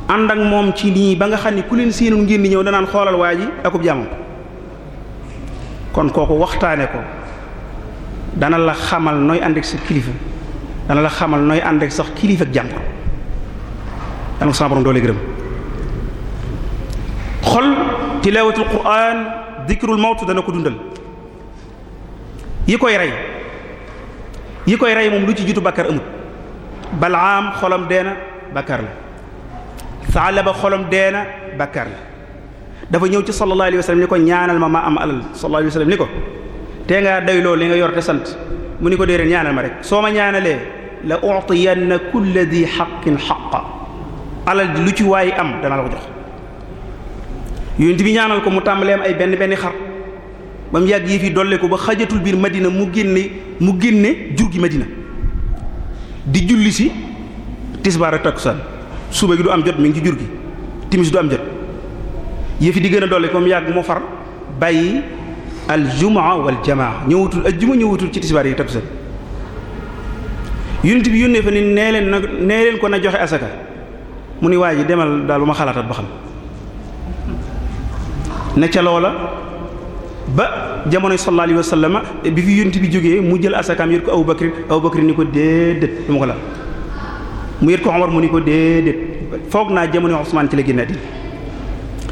ànd ak moom ci nii ba nga xam ne ku leen séenu ngeen di ñëw danaan xoolal waa ji akub jàmm kon kooku waxtaane ko dana la xamal nooy ànd ak sa kilifa dana la xamal nooy ànd ak sax kilifa ak jàmm yàlla na ko sama borom xol tilaawatul quraan dikrul mawt dana ko dundal yi koy rey yi koy rey moom lu ci jiitu bàkkaar amut balaam xolam deena bàkkaar la saalaba xolam deena bàkkaar la dafa ñëw ci sallallahu alayhi wa sallam ni ko ñaanal ma ma am alal sallallahu alayhi wa ni ko tee nga day loolu li nga yor te sant mu ni ko déedéet ñaanal ma rek soo ma ñaanalee la utiyanna kul di xaqin xaqa alal ji lu ci waay am dana la ko jox yonent bi ñaanal ko mu tàmbalee am ay benn benn xar ba mu yàgg yëf yi dolle ko ba xajatul biir madina mu génne mu génne jur gi madina di julli si tisbaar ak takkusaan suba gi du am jot mi ngi ci jur gi timis du am jot yëf yi di gën a dolle ko mu yàgg mu far bàyyi aljumaa wal jamaa ñëwatul ajjuma ñëwatul ci tisbaar yi takkusaan yonent bi yónnee fa ni nee leen na nee leen ko na joxe asaka mu ni waa ji demal daal bu ma xalaatal ba xam ne ca loola ba jamonoy sallallahu alayhi wa sallam bi fi yonent bi jógee mu jël asakaam yët ko Abu Bakr Abu Bakr ni ko déedéet du ma ko laal mu yët ko Omar mu ni ko déedéet foog naa jamono Usmaan ci la génn àddina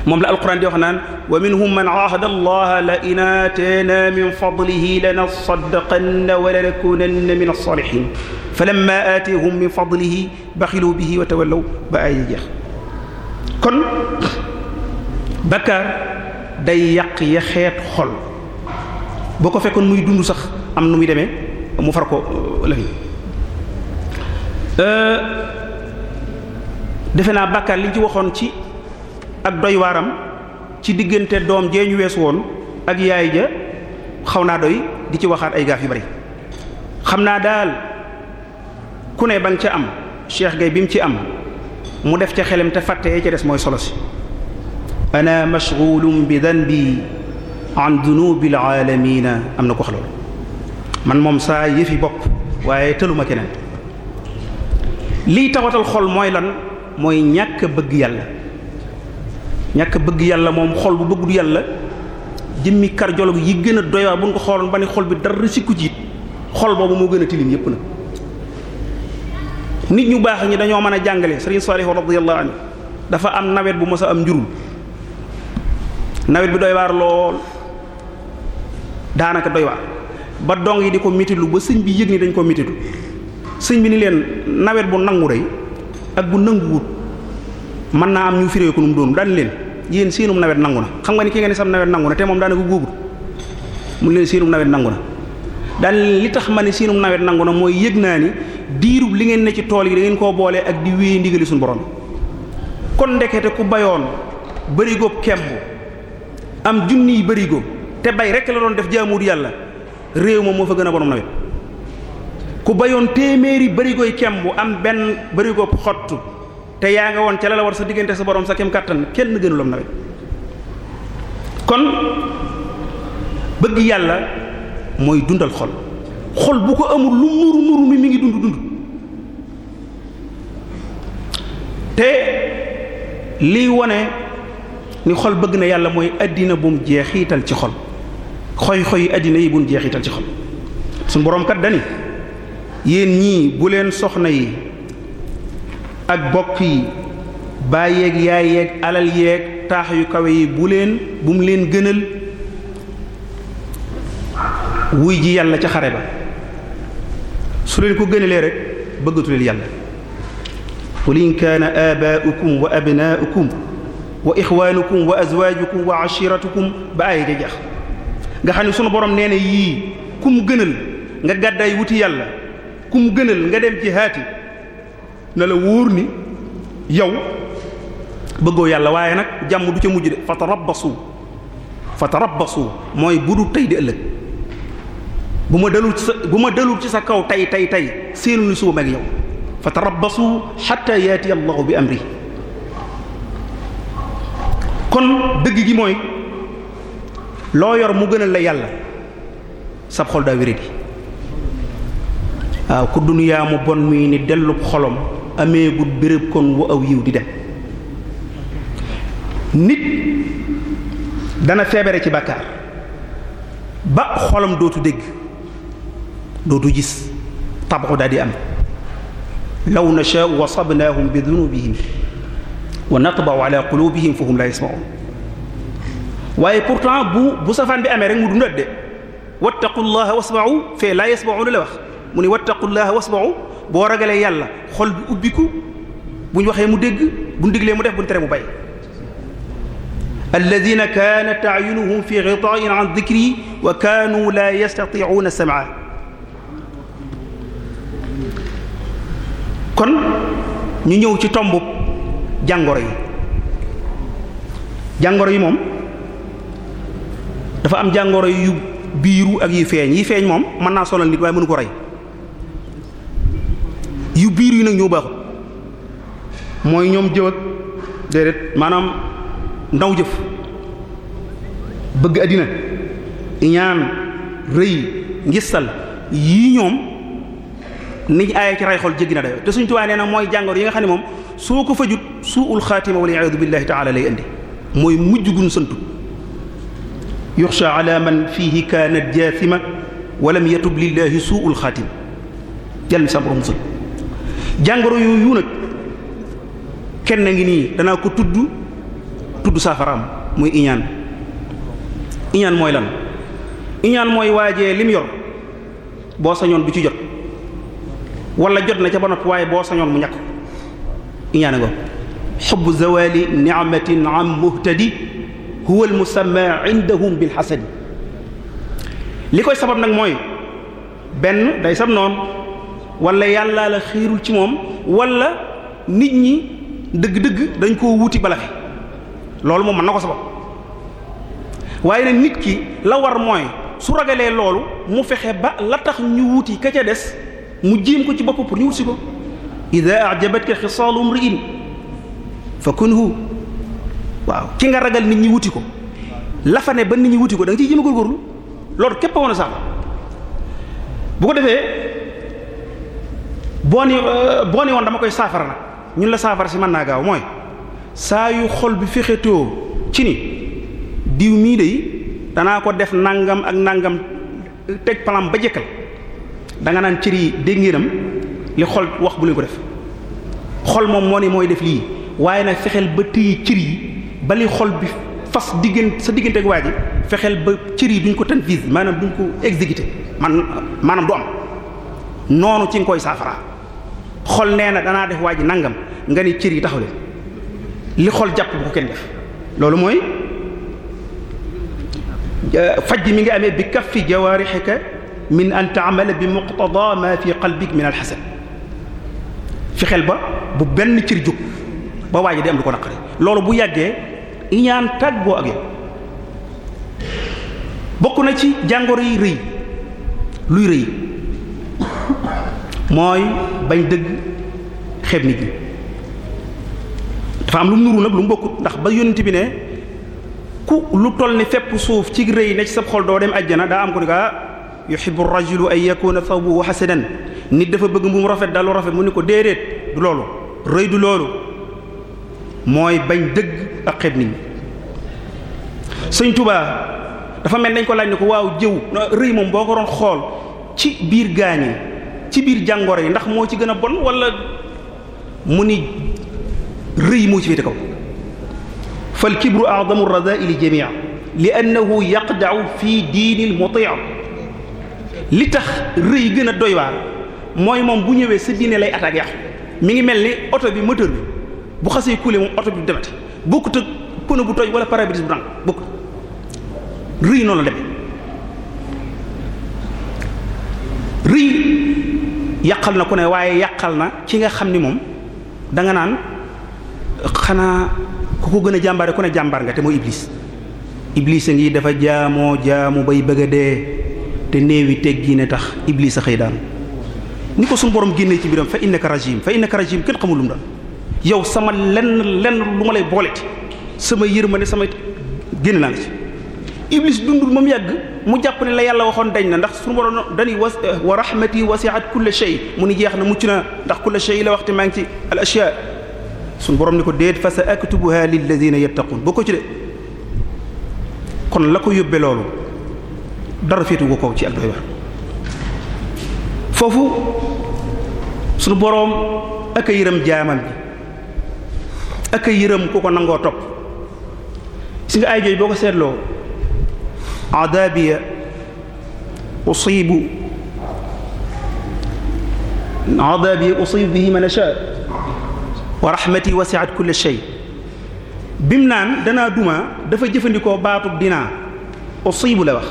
moom la alquran di wax naan wa minhum man aahada allaha la in aataana min fadlihi lanasaddaqanna wa lanakunanna min alsalihin fa lamma aatihum min fadlihi baxilu bihi wa tawallaw ba ay jeex kon bakkaar day yàq ya xeet xol boo ko fekkoon muy dund sax am nu muy demee mu far ko euh, lafiñ euh, defe naa bàkkaar liñ ci waxoon ci ak doy waaram ci diggante doom jee ñu wees woon ak yaay ja xaw naa doy di ci waxaat ay gaaf yu bari xam naa daal ku ne ba nga ca am Cheikh Gueye bi mu ci am mu def ca xelam te fàtte ca des mooy solo si ana mashghulun bi danbi an dunubil alamina am na ko wax man moom saa yëfi bopp waaye tëluma keneen liy tawatal xol mooy lan mooy ñàkk bëgg yàlla ñàkk bëgg yàlla moom xol bu bëggul yàlla jëmmi cardiologue yi gën a doy waar bu ñu ko xooloon ba ne xol bi dara sikku ci xol boobu moo gën a tilim yépp na nit ñu baax ñi dañoo mën a jàngale sëriñ Salih radiyallahu anhu dafa am nawet bu mës a am njurul nawet bi doy waar lool daanaka doy waar ba dong yi di ko métitlu ba sëñ bi yëg ni dañ ko métitlu sëñ bi ni leen nawet bu nangu rey ak bu nanguwut mën naa am ñu firée ko nu mu doonu daan leen yéen seenum nawet nangu na xam nga ni ki nga ne sam nawet nangu na te moom daanaka góobut mu leen seenum nawet nangu na daan li tax ma ne seenum nawet nangu na mooy yëg naa ni diirub li ngeen ne ci tool yi da koo boolee ak di wéy ndigali suñu borom kon ndekete ku bayoon bërigo kemb am junniy bërigo te bay rek la doon def jaamuur yàlla réew ma moo fa gën a borom nawet ku bayoon téeméeri bërigoy kemb am benn bërigo xott te yaa nga woon ca la la war sa diggante sa borom sa kem kàttan kenn gënulam nawet kon bëgg yàlla mooy dundal xol xol bu ko amul lu nuru nuru mi mi ngi dund dund te liy wone ni xol bëgg na yàlla mooy addina bum jeexiital ci xol xoy xoy àddina yi bum jeexiital ci xol suñu borom kat dani yéen ñii buleen soxna yi ak bokk yi bàyyeeg yaay yeeg alal yeeg taax yu kawe yi bu leen bu mu leen gënal wuy ji yàlla ca xare ba su leen ko gënalee rek bëggatu leen yàlla qul in kaana aabaa'ukum wa abnaa'ukum wa ixwaanukum wa azwaajukum wa ashiratukum ba ay ja nga xam ne sunu borom nee na yii kum gënal nga gàddaay wuti yàlla kum gënal nga dem ci haati na la wóor ni yow bëggoo yàlla waaye nag jàmm du ca mujj de fatarabbasu fatarabbasu mooy bu du tey di ëllëg bu ma dalul ci sa bu ma dalul ci sa kaw tey tey tey seenu ni suba mag yow fatarabbasu hatta yaati allahu bi amri kon dëgg gi mooy loo yor mu gënal la yàlla sab xol daa wéradi waaw ku duniyaa mu bon muy ni dellub xolom ameegut béréb kon wu aw yiw di de nit dana feebare ci bàkkaar ba xolam dootu dégg dootu gis tabaxu daal di am law nashaa'u wasabnaahum bi dunubihim wa natba'u ala qulubihim fa hum bu bu safaan bi amee rek mu dundat de wattaqullaha fee la yasma'una la wax mu ne wattaqullaha wasma'u boo ragalee yàlla xol bi ubbiku bu ñu waxee mu dégg bu ñu diglee mu def bu ñu tere mu bay alladina kaanat ayunuhum fi ghita'in an dhikri wa kaanu la yastati'una kon ñu ñëw ci tombu jàngoro yi jàngoro yi moom dafa am jàngoro yu biiru ak yu feeñ yi feeñ moom mën naa sonal nit waaye mënu ko rey yu nag mooy ñoom jëw ak déedéet maanaam ndaw jëf bëgg àddina ñaan rëy ngistal yii ñoom niñ aaye ci ray xol jéggi na dayo te suñ tubaay nee na mooy jàngoro yi nga xam ne moom soo ko fajut suul xaatima wala iyaadu billahi taala lay indi mooy mujj gun santu yuxsha ala man fihi kaanat jaathima walam yatub lillahi suul jàngoro yooyu nag kenn ngi nii dana ko tudd tudd saafaraam muy iñaan iñaan mooy lan iñaan mooy waajee lim yor boo sañoon bu ci jot wala jot na ca ba waaye boo sañoon mu ñakk iñaane go xubbu zawali ni'matin am muhtadi huwa al musamma indahum bi hasadi li koy sabab nag mooy benn day sab noonu wala yàllaa la xiirul ci moom wala nit ñi dëgg-dëgg dañ koo wuti bala loolu moom mën na ko sabab waaye nag nit ki la war mooy su ragalee loolu mu fexe ba la tax ñu wuti ka ca des mu jéem ko ci bopp pour ñu wut si ko ida ajabatka xisaalu mriin fa kunhu waaw ki nga ragal nit ñi wuti ko la fa ne ba nit ñi wuti ko da nga ciy jéem a loolu képp a woon a sax bu ko defee Euh, boo ni woon dama koy saafara nag ñun la saafara si mën naa gaaw mooy saa yu xol bi fexetoo ci ni diw mii de danaa ko def nangam ak nangam teg palam ba jëkkal da nga naan cër yi dégg ngeenam li xol wax bu leen ko def xol moom moo ni mooy def lii waaye nag fexeel ba téye cër yi ba li xol bi fas diggante sa diggante ak waa ji fexeel ba cër yi duñ ko fiis maanaam duñ ko exécuté man maanaam du am noonu ci nga koy saafara xol nee na danaa def waa ji nangam nga ni cër yi taxaw leen li xol jàpp bu ko kenn def loolu mooy faj mi ngi amee bi kaffi jawaarixika min an taamala bi muqtada ma fi qalbik min alxasan fexeel ba bu benn cër jóg ba waa ji di am lu ko naqari loolu bu yàggee iñaan tàggoo ak yow bokk na ci jàngoro yi rëy luy rëy mooy bañ dëgg xeeb nit ñi dafa am lu mu nuru nag lu mbokkut ndax ba yónent bi ne ku lu toll ni fépp suuf ci rëy ne ci sa xool doo dem ajjana daa am ko ni ah, kaa yuhibbu rajulu ay yakuna thawbuhu hasanan nit dafa bëgg mu rafet dalu rafet mu ne ko déedéet du loolu rëy du loolu mooy bañ dëgg ak xeeb nit ñi sëñ tubaa dafa mel nañ ko laaj ne ko waaw jëw rëy moom boo ko doon xool ci biir gaañi ci biir jàngoro yi ndax moo ci gën a bon wala mu ni rëy moo ci féete kaw fal kibru a'zamu ar-raza'il jami'a li annahu yaqda'u fi diinil muti' li tax rëy gën a doy waar mooy moom bu ñëwee sa diine lay attaque yàqu mi ngi mel ni oto bi moteur bi bu xasee kuule moom oto bi demati bokkut ak pneu bu toj wala pare-brise bu rang rëy noonu la demee rëy yàqal na ku ne waaye yàqal na ki nga xam ni moom danga naan xanaa ku ko gën a jàmbaare ku ne jàmbar nga te mooy iblis iblis a ngi dafa jaamoo jaamu bay bëgg a dee te néewi teggi ne tax iblis a xëy daanu ni ko suñu borom génnee ci biram fa innaka rajim fa innaka rajim kenn xamul lu mu yow sama lenn lenn lu ma lay booleti sama yërmande sama génn naa la ci iblis dundul moom yàgg mu jàpp ne la yàlla waxoon dañ na ndax suñu waroon dañuy was wa rahmati wasi'at kulla shay mu ni jeex na mucc na ndax kulla shay la waxte maa ngi ci al ashya suñu borom ni ko déet fa sa aktubuha lilladina yattaqun boo ko ci de kon la ko yóbbe loolu dara féetu ko kaw ci ak doy war foofu suñu boroom ak a yërëm jaamam bi ak yërëm ku ko nangoo topp si nga ay jooy boo ko seetloo عذابي أصيب عذابي أصيب به من أشاء waraxmati wasiat kulla shay bim naan danaa duma dafa jëfandikoo baatub dinaa usiibu la wax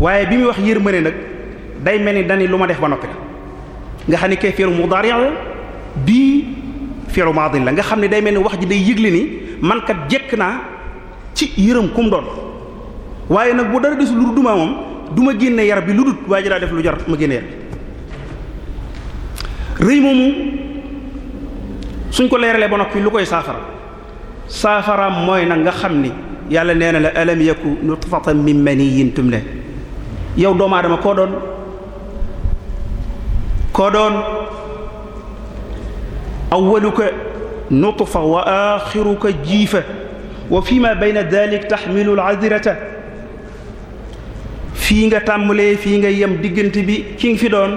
waaye bi muy wax yërmande nag day mel ni dani lu ma def ba noppi nga xam ne kay fi'lu mudaari' la bii fi'lu maadi la nga xam ne day mel ni wax ji day yëgle ni man kat jekk naa ci yërëm kum doon waaye nag bu dara desul lu duma moom du ma génne yar bi lu dut waaye ji daa def lu jar ma génne yar rëy moomu suñ ko leeralee ba noppi lu koy saafara saafaraam mooy nag nga xam ni yàlla nee na la alam yaku nutfatan min maniyyin tumna yow doomu aadama koo doon koo doon awwaluka nutfa wa axiruka jiifa wa fi ma bayna dalik taxmilu al azrata fii nga tàmbalee fii nga yem diggante bi ki nga fi doon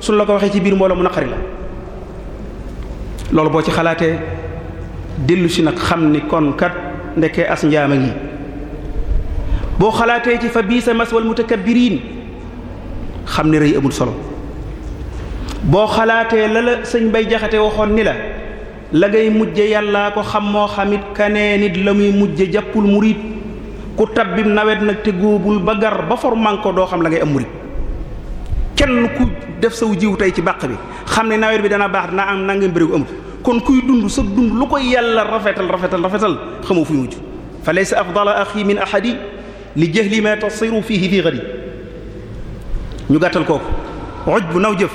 su la ko waxee ci biir mbooloo mu naqari la loolu boo ci xalaatee dellu si nag xam ni kon kat ndekkee as njaama ngi boo xalaatee ci fa bii sa maswal mutakabbiriin xam ni rëy amul solo boo xalaatee la sëñ bay jaxate waxoon ni la la ngay mujje yàllaa ko xam moo xamit kanee nit la muy mujje jàppul murid ku tabbim nawet nag te góobul ba gar ba for man ko doo xam la ngay am murit kenn ku def saw jiw tey ci bàq bi xam ne nawet bi dana baax dana am nangam bëriwu amut kon kuy dund sa dund lu ko yàlla rafetal rafetal rafetal xamoo fuy mujj fa laysa afdala axi min ahadi li lii ma tasiru fihi fii gadi ñu gàttal kooku oj bu naw jëf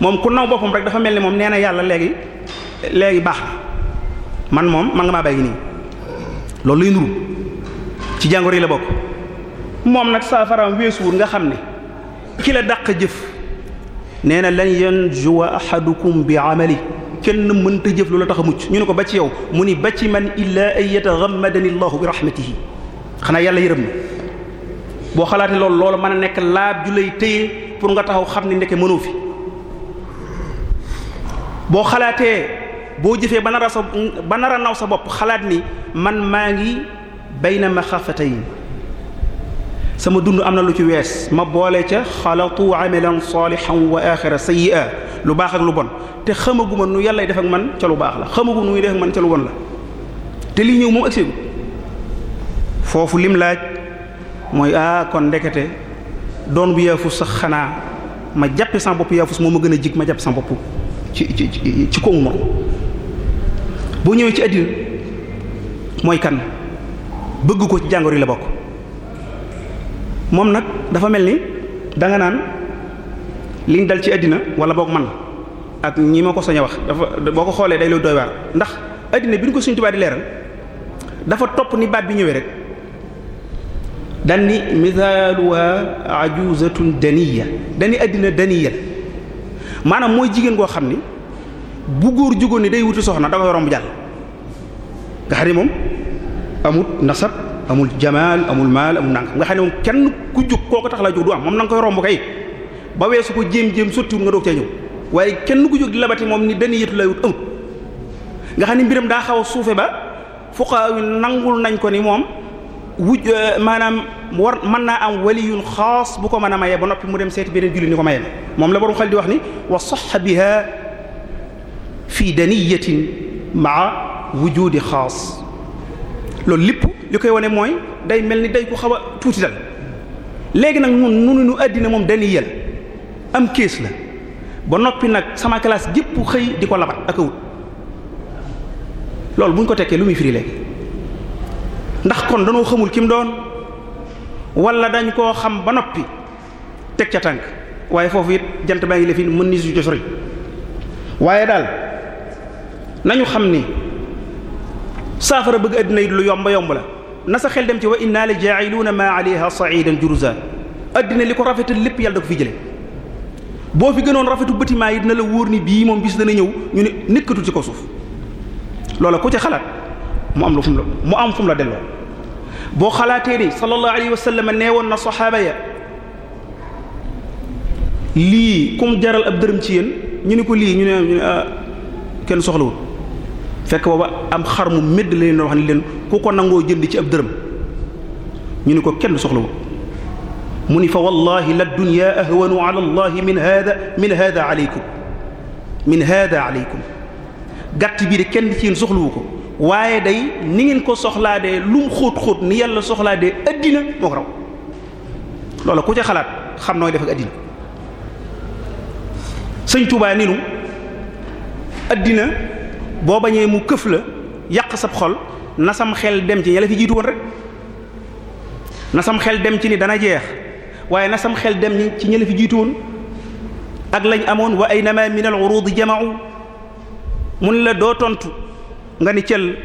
moom ku naw boppam rek dafa mel ni moom nee na yàlla léegi léegi baax na man moom man nga maa bàyyi nii loolu lay ci jàngoro yi la bokk moom nag saafaraam weesuwul nga xam ne ki la dàq jëf nee na lan yanjuwa ahadukum bi amali kenn mënta jëf lu la tax a mucc ñu ne ko ba ci yow mu ni ba ci man illaa an yataxammadani allahu bi rahmatihi xanaa yàlla yërëm na boo xalaatee loolu lool mën a nekk laab ju lay téye pour nga taxaw xam ni ndeke mënoo fi boo xalaatee boo jëfee ba nar sa ba nar naw sa bopp xalaat ni man maa ngi bayna maxafatayn sama dund am na lu ci wees ma boole ca xalatu amalan salihan wa axira sayyi'a lu baax ak lu bon te xamaguma nu yàllay def ak man ca lu baax la xamagu nu muy def ak man ca lu bon la te lii ñëw moom agseegu foofu lim laaj mooy ah kon ndekete doon bu yaafus sax xanaa ma jàppe sama bopp yaafus moo ma gën a jig ma jàpp sama bopp ci ci ci ci koomu moom boo ñëwee ci àddina mooy kan bëgg ko ci jàngoro yi la bokk moom nag dafa mel ni danga naan liñ dal ci àddina wala boog man ak ñi ma ko sañ a wax dafa boo ko xoolee day lu doy waar ndax àddina bi ñu ko Sëriñ Tuubaa di leeral dafa topp ni baat bi ñëwee rek dan ni misaaluha ajuzatun daniya dani àddina daniya maanaam mooy jigéen goo xam ni bu góor jugoon ni day wuti soxna da koy romb jàll nga xam ni moom amul nasab amul jamaal amul maal amul nang nga xam ne moom kenn ku jóg ko tax la jóg du am moom na nga koy romb kay ba weesu ko jéem-jéem sottiwul nga doog cee ñëw waaye kenn ku jóg di labati moom ni dani yëtu lay wut amut nga xam ne mbiram daa xaw a suufe ba fuqaa yu nangul nañ ko ni moom wuj eh, maanaam war mën naa am waliyun xaas bu ko mën a mayee ba noppi mu dem seeti beneen julli ni ko mayee moom la borom xel wax ni wa sax biha fi daniyatin ma wujudi xaas loolu lépp li koy wane mooy day mel ni day ko xaw a tuuti dal léegi nag nun nunu nu àddina moom dañuy yel am kees la ba noppi nag sama classe gépp xëy di ko labat ak awut loolu bu ñu ko tekkee lu muy firi léegi ndax kon danoo xamul kim doon wala dañ koo xam ba noppi teg ca tànk waaye foofu it jant baa ngi la mën ni su josori waaye daal nañu xam ni saafara bëgg addina yi lu yomba yomb la na sa xel dem ci wa inna la jaa'iluuna maa alayha sa'idan juruza addina li ko rafetal lépp yàlla ko fi jële boo fi gënoon rafetu bâtiment yi dina la wóor ni bii moom bis dana ñëw ñu ne nekkatul ci ko suuf loola ku ci xalaat mu am lu fu mu la mu am fu mu la delloo boo xalaatee ni sallallahu alayhi wa sallam nee woon na saxaaba ya lii kum jaral ab dërëm ci yéen ñu ne ko lii ñu ne ah, kenn soxlawul fekk booba am xar mu médd la leen wax ne leen ku ko nangoo jënd ci ab dërëm ñu ni ko kenn soxlawu mu ni fa wallahi la dunya ahwanu ala allahi min hada min hada aleykum min hada aleykum gàtt bii de kenn ci yéen soxlawu ko waaye day ni ngeen ko soxlaa de lum xóot-xóot ni yàlla soxlaa de addina moo ko raw loola ku ci xalaat xam nooy def ak addina sëñ Tuubaa ni nu addina boo bañee mu këf la yàq sab xol na sam xel dem ci ña la fi jiitu woon rek nasam xel dem ci ni dana jeex waaye na sam xel dem ci ña la fi jiitu woon ak lañ amoon wa aynama min al urudi jama'u mun la doo tontu nga ni cël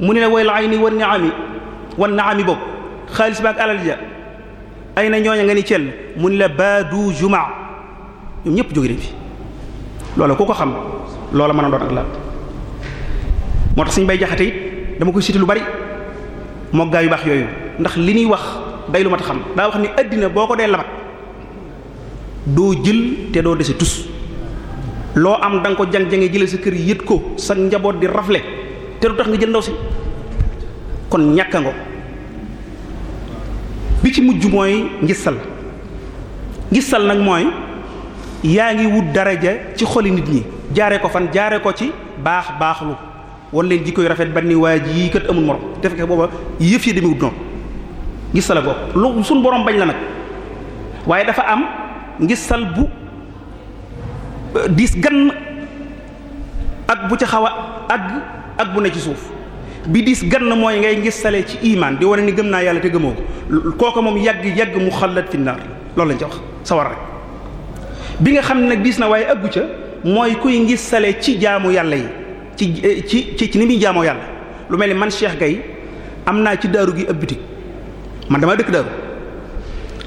mu ni la wayl ayni wan ni'ami wan ni'ami bopp xaalis ba ak alal ja ay na ñooña nga ni cël mu ni la baadu jumaa ñoom ñëpp jóge nañ fi loola ku ko xam loola mën a doon ak laab moo tax suñ bay jaxate it dama koy cité lu bari moo gaa yu baax yooyu ndax li ñuy wax day lu mat a xam daa wax ni addina boo ko dee labat doo jël te doo dese tus loo am danga nga ko jang-jange jële sa kër yët ko sa njaboot di rafle te du tax nga jël ndaw si kon ñàkka ngo bi ci mujj mooy ngissal ngistal nag mooy yaa ngi wut daraja ci xoli nit ñi jaare ko fan jaare ko ci baax baaxlu wala leen jikko yu rafet ban ni waa ji yii kat amul morom te fekk booba yëf yi demewut noonu ngis la bopp lu suñ borom bañ la nag waaye dafa am sal bu euh, diis gann ak bu ca xaw a àgg ak bu ne ci suuf bi diis gann mooy ngay ngisalee ci imaan di wane ni gëm naa yàlla te gëmoo ko kooku moom yàgg yàgg mu xalat fi naar loolu lañ ca wax sawar rek bi nga xam ne nag diis na waaye àggu ca mooy kuy ngi sale ci jaamu yàlla yi ci eh, ci ci ci ni muy jaamoo yàlla lu mel ni man Cheikh Gaye am naa ci daaru gi ab bitig man damaa dëkk daaru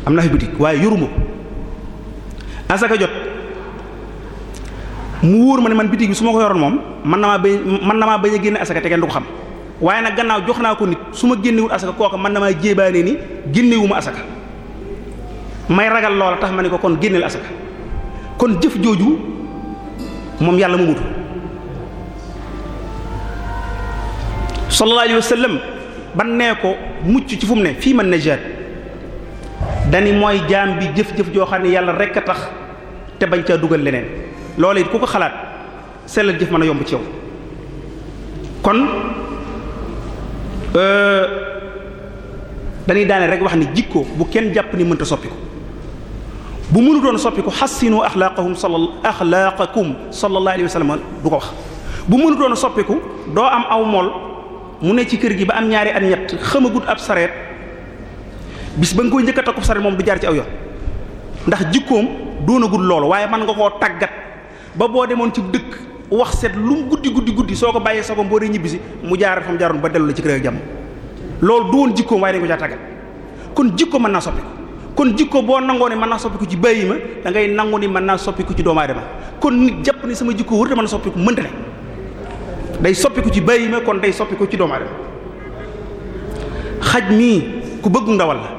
am naa fi bitig waaye yoruma asaka jot mu wóor ma ne man bitig bi su ma ko yoroon moom man na maa bañ man na maa bañ a génne asaka te kenn du ko xam waaye na gannaaw jox naa ko nit su ma génnewul asaka kooka man na maa jéebaane ni génnewuma asaka may ragal loola tax ma ne ko kon génneel asaka kon jëf jooju moom yàlla mu mutu sallallahu alayhi wa sallam ban nee ko mucc ci fu mu ne fii man najaat dani mooy jaam bi jëf-jëf joo xam ne yàlla rekk a tax te bañ caa dugal leneen loolu it ku ko xalaat sellal jëf mën a yomb ci yow kon euh, dañuy daane rek wax ni jikko bu kenn jàpp ni mënta soppi ko bu mënu doon soppi ko xassinu axlaaqahum sal axlaaqakum sallallahu alayhi wa du ko wax bu mënu doon soppiku doo am aw mool mu ne ci kër gi ba am ñaari at ñett gudd ab sareet bis ba nga koy njëkk a takku sareet moom du jaar ci aw yoon ndax jikkoom doonagul loolu waaye mën nga koo tàggat ba boo demoon ci dëkk wax seet lu mu guddi guddi guddi soo ko bàyyee soo ko boo dee ñibbisi mu jaar fa mu jaaroon ba dellu la ci kër ak jàmm loolu du woon jikkoom waaye dañ ko caa tàggat kon jikko mën naa soppi kon jikko boo nangoo ne mën naa ko ci bàyyi ma da ngay nangu ni mën naa soppiku ci doomu aadama kon nit jàpp ni sama jikko wër mën ne day soppiku ci bàyyi ma kon day soppiku ci doomu aadama xaj mii ku bëggu ndawal la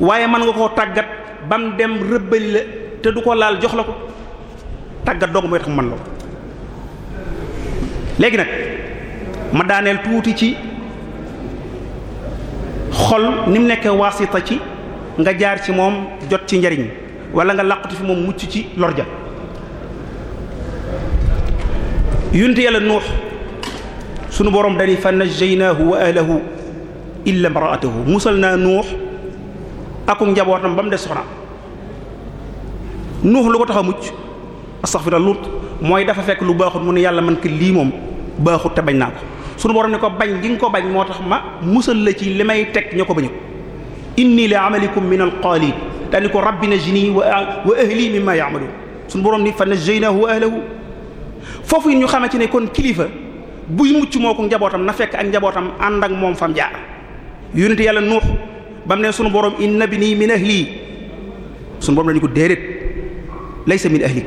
waaye mën nga koo tàggat bam dem rëbbali la te du ko laal jox la ko tàggat dong mooy tax man la ko léegi nag ma daaneel tuuti ci xol ni mu nekkee wasita ci nga jaar ci moom jot ci njariñ wala nga làqutu fi moom mucc ci ja yunti yàlla nuux sunu borom dani fa najjaynaahu wa ahlahu illa imraatahu musal naa nuux akum njabootam ba mu des soxna nuux lu ko tax a mucc astaghfirullah lut mooy dafa fekk lu baaxut mu ne yàlla man ko lii moom baaxut te bañ naa ko sunu borom ne ko bañ gi ko bañ moo tax ma musal la ci li may teg ña ko bañu inni li amalikum min alqaalin daani ko rabbina jinii wa ahli mimma yaamaluun sunu borom ni fa najjaynaahu wa ahlahu foofu yi ñu xamee ci ne kon kilifa buy mucc moo ko njabootam na fekk ak njabootam ànd ak moom fam jaar yonent yàlla nuux ba mu ne sunu borom inna bini min ahli sunu borom dañu ko déedéet laysa min ahli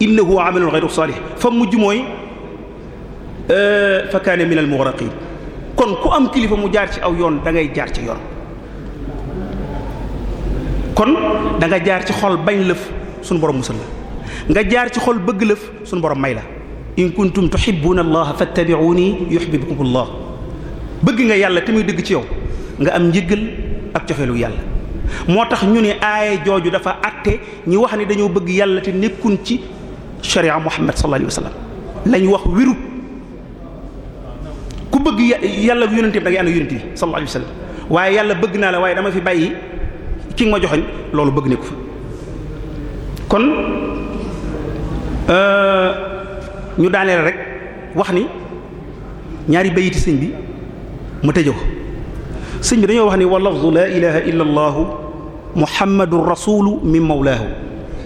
innahu amalun ghayru salih fa mujj mooy fa kaane min al mughraqin kon ku am kilifa mu jaar ci aw yoon da ngay jaar ci yoon kon da jaar ci xol bañ lëf sunu borom musal la nga jaar ci xol bëgg lëf sunu borom may la in kuntum tuhibbuuna allaha fattabi'uuni yuhibbukum allah bëgg nga yàlla te muy dëgg ci yow nga am njëggal ak cofeelu yàlla moo tax ñu ne aaye jooju dafa àtte ñi wax ne dañoo bëgg yàlla te nekkuñ ci sharia muhammad sallallahu alayhi wa sallam lañ wax wiru ku bëgg yàlla ak yonente bi da ngay ànd ak yonente bi sallallahu waaye yàlla bëgg naa la waaye dama fi bàyyi ki nga ma joxoñ loolu bëgg ne ko fa ñu daaneel rek wax ni ñaari bayiti sëñ bi mu tëjee ko sëñ bi dañoo wax ni wa lafdu laa ilaha illa allahu muhammadun rasulu min mawlaahu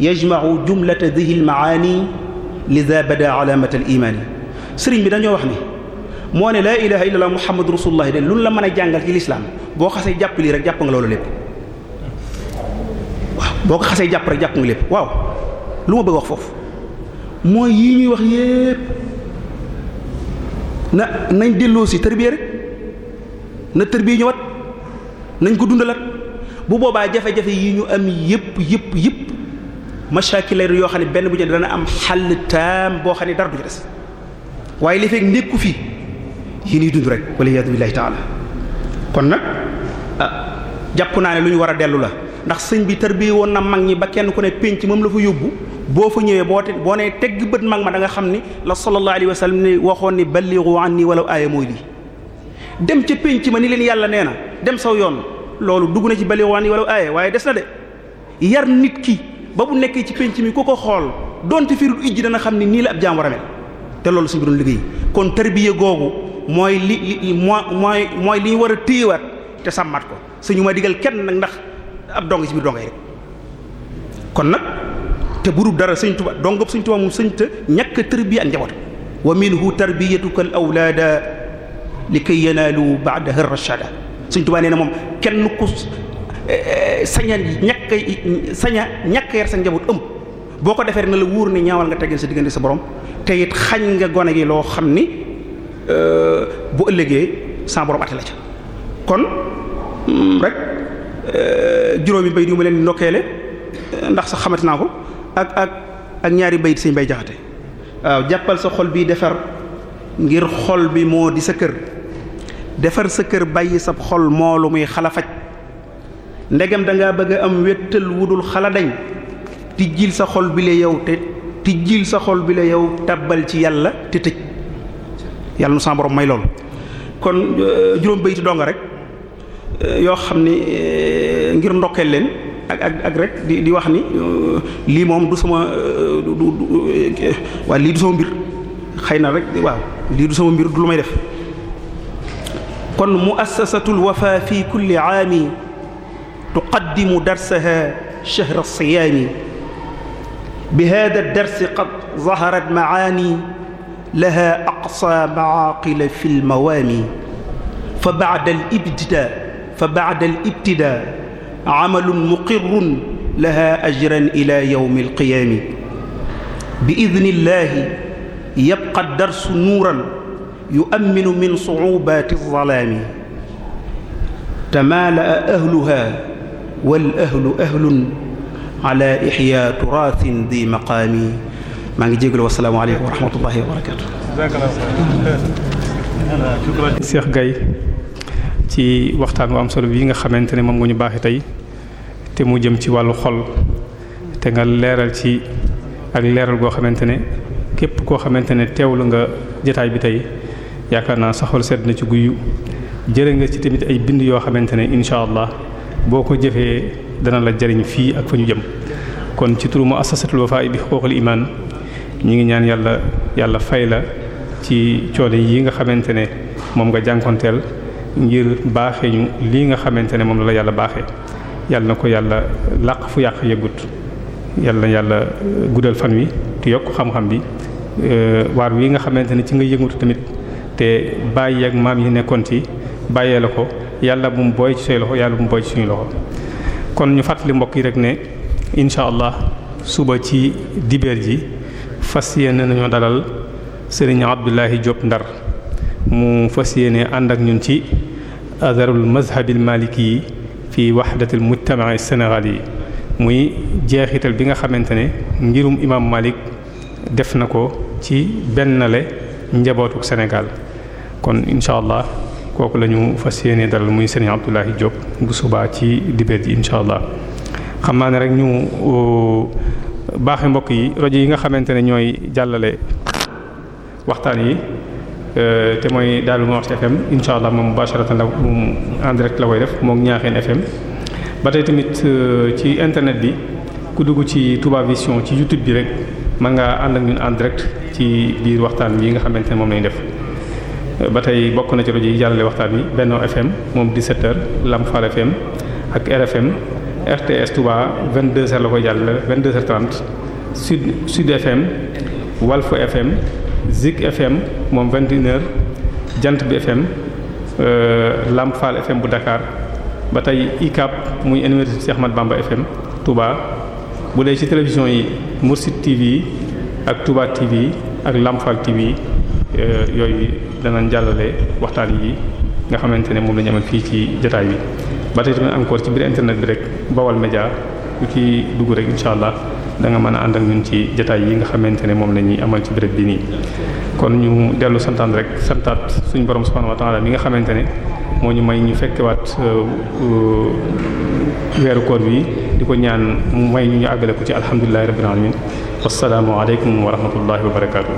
yajmau jumlata dihi lmaani lida bada alaamata al imaani sëriñ bi dañoo wax ni moo ne laa ilaha illa allah muhammadu rasulullahi de lu la mën a jàngal ci lislaam boo xasee jàpp lii rek jàpp nga loolu lépp waaw boo ko xasee jàpp rek jàpp nga lépp waaw lu ma bëgg wax foofu mooy yii ñuy wax yépp na nañ delloosi si tërbiya rek na tërbiya ñëwaat nañ ko dundalaat bu boobaa jafe-jafe yi ñu am yépp yépp yépp machaakil lay yoo xam ne benn bu ñu dana am xàll taam boo xam ne dara du ci des waaye li fekk nekku fii yi ñuy dund rek wala yaadu billahi taala kon nag ah, jàpp naa ne lu ñu war a dellu la ndax sëñ bi tërbiya woon na mag ñi ba kenn ku ne pénc moom la fa yóbbu boo fa ñëwee boo te boo nee teg bët mag ma da nga xam ni la sallallahu alayhi wa sallam ni waxoon ni ballighu anni walaw aaya mooy lii dem ca pénc ma ni leen yàlla nee na dem saw yoon loolu dugg na ci ballighu anni walaw aaya waaye des na de yar nit ki ba bu nekkee ci pénc mi ku ko xool donte firul ijji dana xam ni nii la ab jaam war a mel te loolu suñu doon liggéey kon tarbiya googu mooy li li mooy mooy li ñu war a téyewaat te sàmmaat ko suñu ma digal kenn nag ndax ab dong ci te burub dara sëñ tuba dongab sëñ tuba moom sëñ te ñàkk tarbiya ak njaboot wa minhu tarbiyatuka al awlaada likay yanaalu ba'daha rashada sëñ tuba nee na moom kenn ku eh, eh, saña ñàkk saña ñàkk yar sa njaboot ëmb boo ko defee na la wóor ne ñaawal nga teggeel sa diggante sa borom te it xañ nga gone gi loo xam ni euh, bu ëllëgee sa borom ate la ca kon mm, rek euh, juróomi bay di ma leen di ndokkeele eh, ndax sa xamati naa ko ak ak ak ñaari bayit sëñ bay jaxate waaw jàppal sa xol bii defar ngir xol bi moo di sa kër defar sa kër bàyyi sab xol moo lu muy xala faj ndegam da bëgg a am wéttal wudul xaladañ dañ tijjil sa xol bi la yow te tijjil sa xol bi la yow tabbal ci yàlla te tëj yàlla nu sa may loolu kon euh, juróom bayit donga rek euh, yoo xam ni euh, ngir ndokkeel leen ak ak ak rek di di wax ni euh, lii moom du sama euh, du du euh, waa lii du sama mbir xëy na rek waaw lii du sama mbir du lu may def kon muassasatul wafa fi kulli aami tuqaddimu darsaha shahr as-siyaami bi hada ad-darsi qad zaharat maani laha aqsa maaqila fi al-mawaami fa ba'da al-ibtidaa fa ba'da al-ibtidaa amalun muqirrun laha ajran ila yawmi alqiyaami bi idni llahi yabqa darsu nuuran yuamminu min suubaati alzalaami tamaala'a ahluha wal ahlu ahlun ala ihyaa turaasin di maqaami maa ngi jégalu
wasalaamu aleykum wa rahmatullahi wa barakatu Cheikh Gaye ci waxtaan wu am solo bii nga xamante ne moom nga ñu baaxee tey te mu jëm ci wàllu xol te nga leeral ci ak leeral goo xamante ne képp koo xamante ne teewlu nga jotaay bi tey yaakaar naa saxol sedd na ci guyu jëre nga ci tamit ay bind yoo xamante ne incha allah boo ko jëfee dana la jariñ fii ak fa ñu jëm kon ci turu muassasatul wafa'i bi huquqil iman ñi ngi ñaan yàlla yàlla fay la ci coono yi nga xamante ne moom nga jànkonteel ngir baaxee ñu lii nga xamante ne moom la la yàlla baaxe yàlla na ko yàlla làq fu yàq yëgut yàlla na yàlla guddal fan wi te yokk xam-xam bi euh, waar wi nga xamante ne ci nga yëngatu tamit te bàyyi ak maam yi nekkoon ci bàyyee la ko yàlla bu mu booy ci say loxo yàlla bu mu booy ci suñu loxo kon ñu fàttali mbokk yi rek ne incha allah suba ci dibeer ji fas yéene nañoo dalal sëriñ Abdullahi Diop Ndar mu fas yéene ànd ak ñun ci azarul mazhabil malik yi fii wahdatil mujtama'i sénégal yi muy jeexital bi nga xamante ne ngirum imam malik def na ko ci bennale njabootuk sénégal kon incha allah kooku la ñu fas yéene dalal muy sëriñ Abdoulaye Diop bu subaa ci dibéer ji incha allah xam naa ne rek ñu baaxe mbokk yi rajo yi nga xamante ne ñooy jàllale waxtaan yi Euh, te mooy daal Moukhty FM incha allah moom mubasharatan la moom en direct la koy def moog Ñaaxeen FM. ba tey tamit euh, ci internet bi ku dugg ci Touba Vision ci YouTube bi rek man ngaa ànd ak ñun en direct ci biir waxtaan wi nga xamante ne moom lañu def. Euh, ba tey bokk na ci rajo yi jàllale waxtaan wi Benno FM moom di h Lam Fall FM ak RFM RTS Touba 22h la koy jàllale 22h30 Sud Sud FM Walf FM. Zik FM moom vingt et Jant bi FM euh, Lamp Fall FM bu dakaar ba tey ICAP muy université Cheikh Ahmad Bamba FM Touba bu dee ci télévision yi Mourchid TV ak Touba TV ak Lamp Fall TV euh, yooyu danañ jàllale waxtaan yi nga xamante ne moom la ñu amal fii ci jotaay bi ba tey tamit encore ci biir internet bi rek Bawal Média lu ci dugg rek incha allah. da nga mën a ànd ak ñun ci jotaay yi nga xamante ne moom la ñuy amal ci béréb bi nii. kon ñu dellu santaan rek santaat suñu borom subhanahu wa ta'ala mi nga xamante ne moo ñu may ñu fekkewaat euh, weeru koor bi di ko ñaan may ñu ñu àggale ko ci alhamdulillahi rabbil alamin wassalaamu aleykum wa rahmatullahi wa barakaatu.